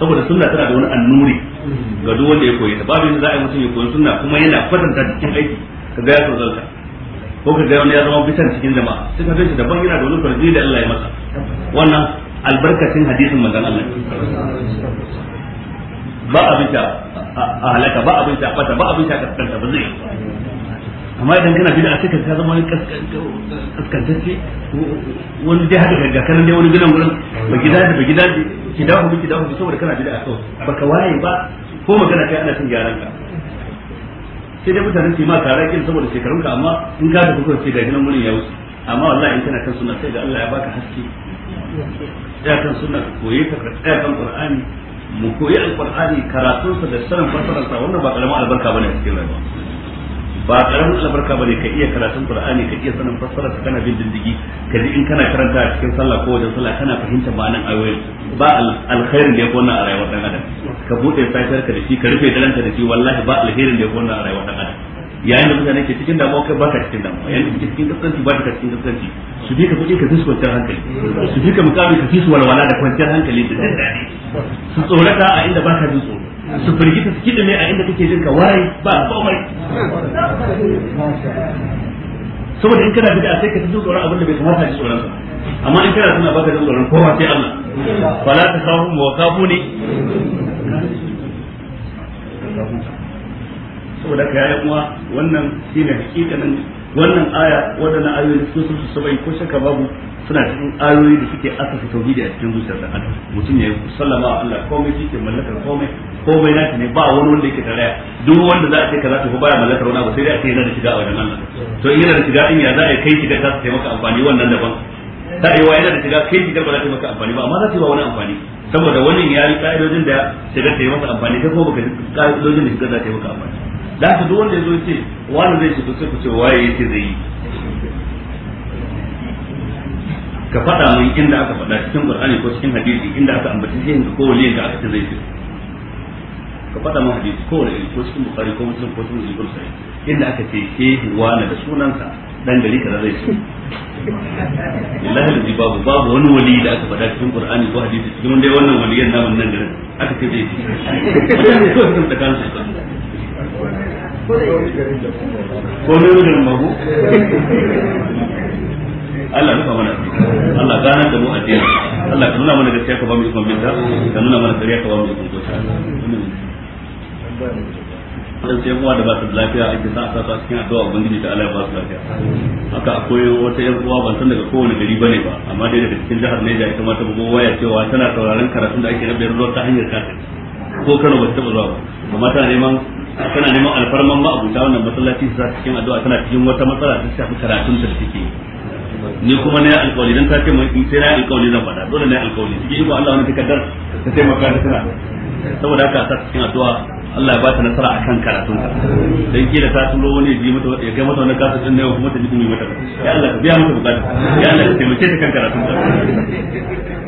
saboda sunna tana da wani annuri ga duk wanda ya koyi ta babu yadda za a yi mutum ya koyi sunna kuma yana kwatanta cikin aiki ka ga ya tozalta ko ka ga wani ya zama bitan cikin jama'a sai ka ga shi daban yana da wani farji da Allah ya masa wannan albarkacin hadisin manzon Allah ba abin ta a halaka ba abin ta bata ba abin ta kaskanta ba zai amma idan kana bin a cikin ka zama wani kaskantacce wani dai haka ga kanan dai wani gidan gurin ba gida da ba gida ki dawo ki dawo saboda kana bin a ba ka waye ba ko magana kai ana cin gyaran ka sai dai mutanen ce ma tare kin saboda shekarun ka amma in ka tafi kuma ce ga nan murin ya wuce amma wallahi in kana kan sunna sai da Allah ya baka haske ya kan sunna koyi ka tsaya kan qur'ani mu koyi alqur'ani karatun sa da sanin fasarar sa wannan ba karamar albarka bane cikin rayuwa ba karamin albarka bane ka iya karatun qur'ani ka iya sanin fassara ka kana bin diddigi ka ji in kana karanta a cikin sallah ko wajen sallah kana fahimta ma'anan ayoyi ba alkhairin da ya kona a rayuwar dan adam ka bude safiyar ka da shi ka rufe dalanka da shi wallahi ba alkhairin da ya kona a rayuwar dan adam yayin da mutane ke cikin damuwa kai baka cikin damuwa yayin da kake cikin kaskanci ba ka cikin kaskanci su bi ka kuɗi ka fi su kwanciyar hankali su bi ka mukami ka fi su walwala da kwanciyar hankali da jin daɗi su tsorata a inda baka jin tsoro su firgita su kidime a inda kake jin ka waye ba komai saboda in kana bid'a sai ka tafi tsoron abin da bai kamata ji tsoron sa amma in kana suna baka tsoron kowa sai Allah fala ta kafu wa kafu ne saboda ka yayi kuma wannan shine hakikanin wannan aya waɗannan ayoyi su sun su sabai ko shakka babu suna cikin ayoyi da suke asasa tauhidi a cikin zuciyar dan adam mutum ya sallama Allah komai shike mallakar komai komai na ne ba wani wanda yake tare duk wanda za a ce kaza to ba ya mallakar wani abu sai dai a ce yana da shiga a wajen Allah to in yana da shiga in ya za a kai da ta taimaka amfani wannan daban ta yi wa yana da shiga kai shigar ba za ta maka amfani ba amma za ta yi wa wani amfani saboda wannan ya yi ka'idojin da shigar ta yi masa amfani ta kuma baka ka'idojin da shiga za ta yi maka amfani da haka duk wanda ya zo ce wani zai shiga sai ku ce waye yake zai yi ka faɗa mun inda aka faɗa cikin qur'ani ko cikin hadisi inda aka ambaci sai ka ko waliyin da aka ce zai ce ka faɗa mun hadisi ko waliyin ko cikin bukhari ko muslim ko cikin ibnu sai inda aka ce ke wani da sunansa dan gari kaza zai ce lillahi babu babu wani wali da aka faɗa cikin qur'ani ko hadisi cikin dai wannan waliyan namun nan garin aka ce zai ce ko ne wajen mago Allah rufa mana Allah gana da mu addini Allah ka nuna mana gaskiya ka ba mu ikon binta ka nuna mana kariya ka ba mu ikon kota dan sai uwa da ba su lafiya ake sa a sa cikin addu'a ubangiji ta Allah ya ba su lafiya haka akwai wata yan uwa ban san daga kowane gari bane ba amma dai daga cikin jihar Niger ita ma ta bugo waya cewa tana sauraron karatun da ake na bayar ta hanyar ta ko Kano ba ta taba zuwa ba amma tana neman tana neman alfarman ma abuta wannan masallaci su cikin addu'a tana cikin wata matsala ta shafi karatun da take ni kuma na alƙawari dan ta ce mun sai na alƙawari zan faɗa dole na alƙawari cikin ko Allah wani takaddar ta taimaka da tana saboda haka ta cikin addu'a Allah ya ba ta nasara akan karatun ta dan da ta tulo wani ji mata ya ga mata wannan kasu din ne kuma ta ji mai mata ya Allah ka biya mata bukata ya Allah ka taimake ta kan karatun ta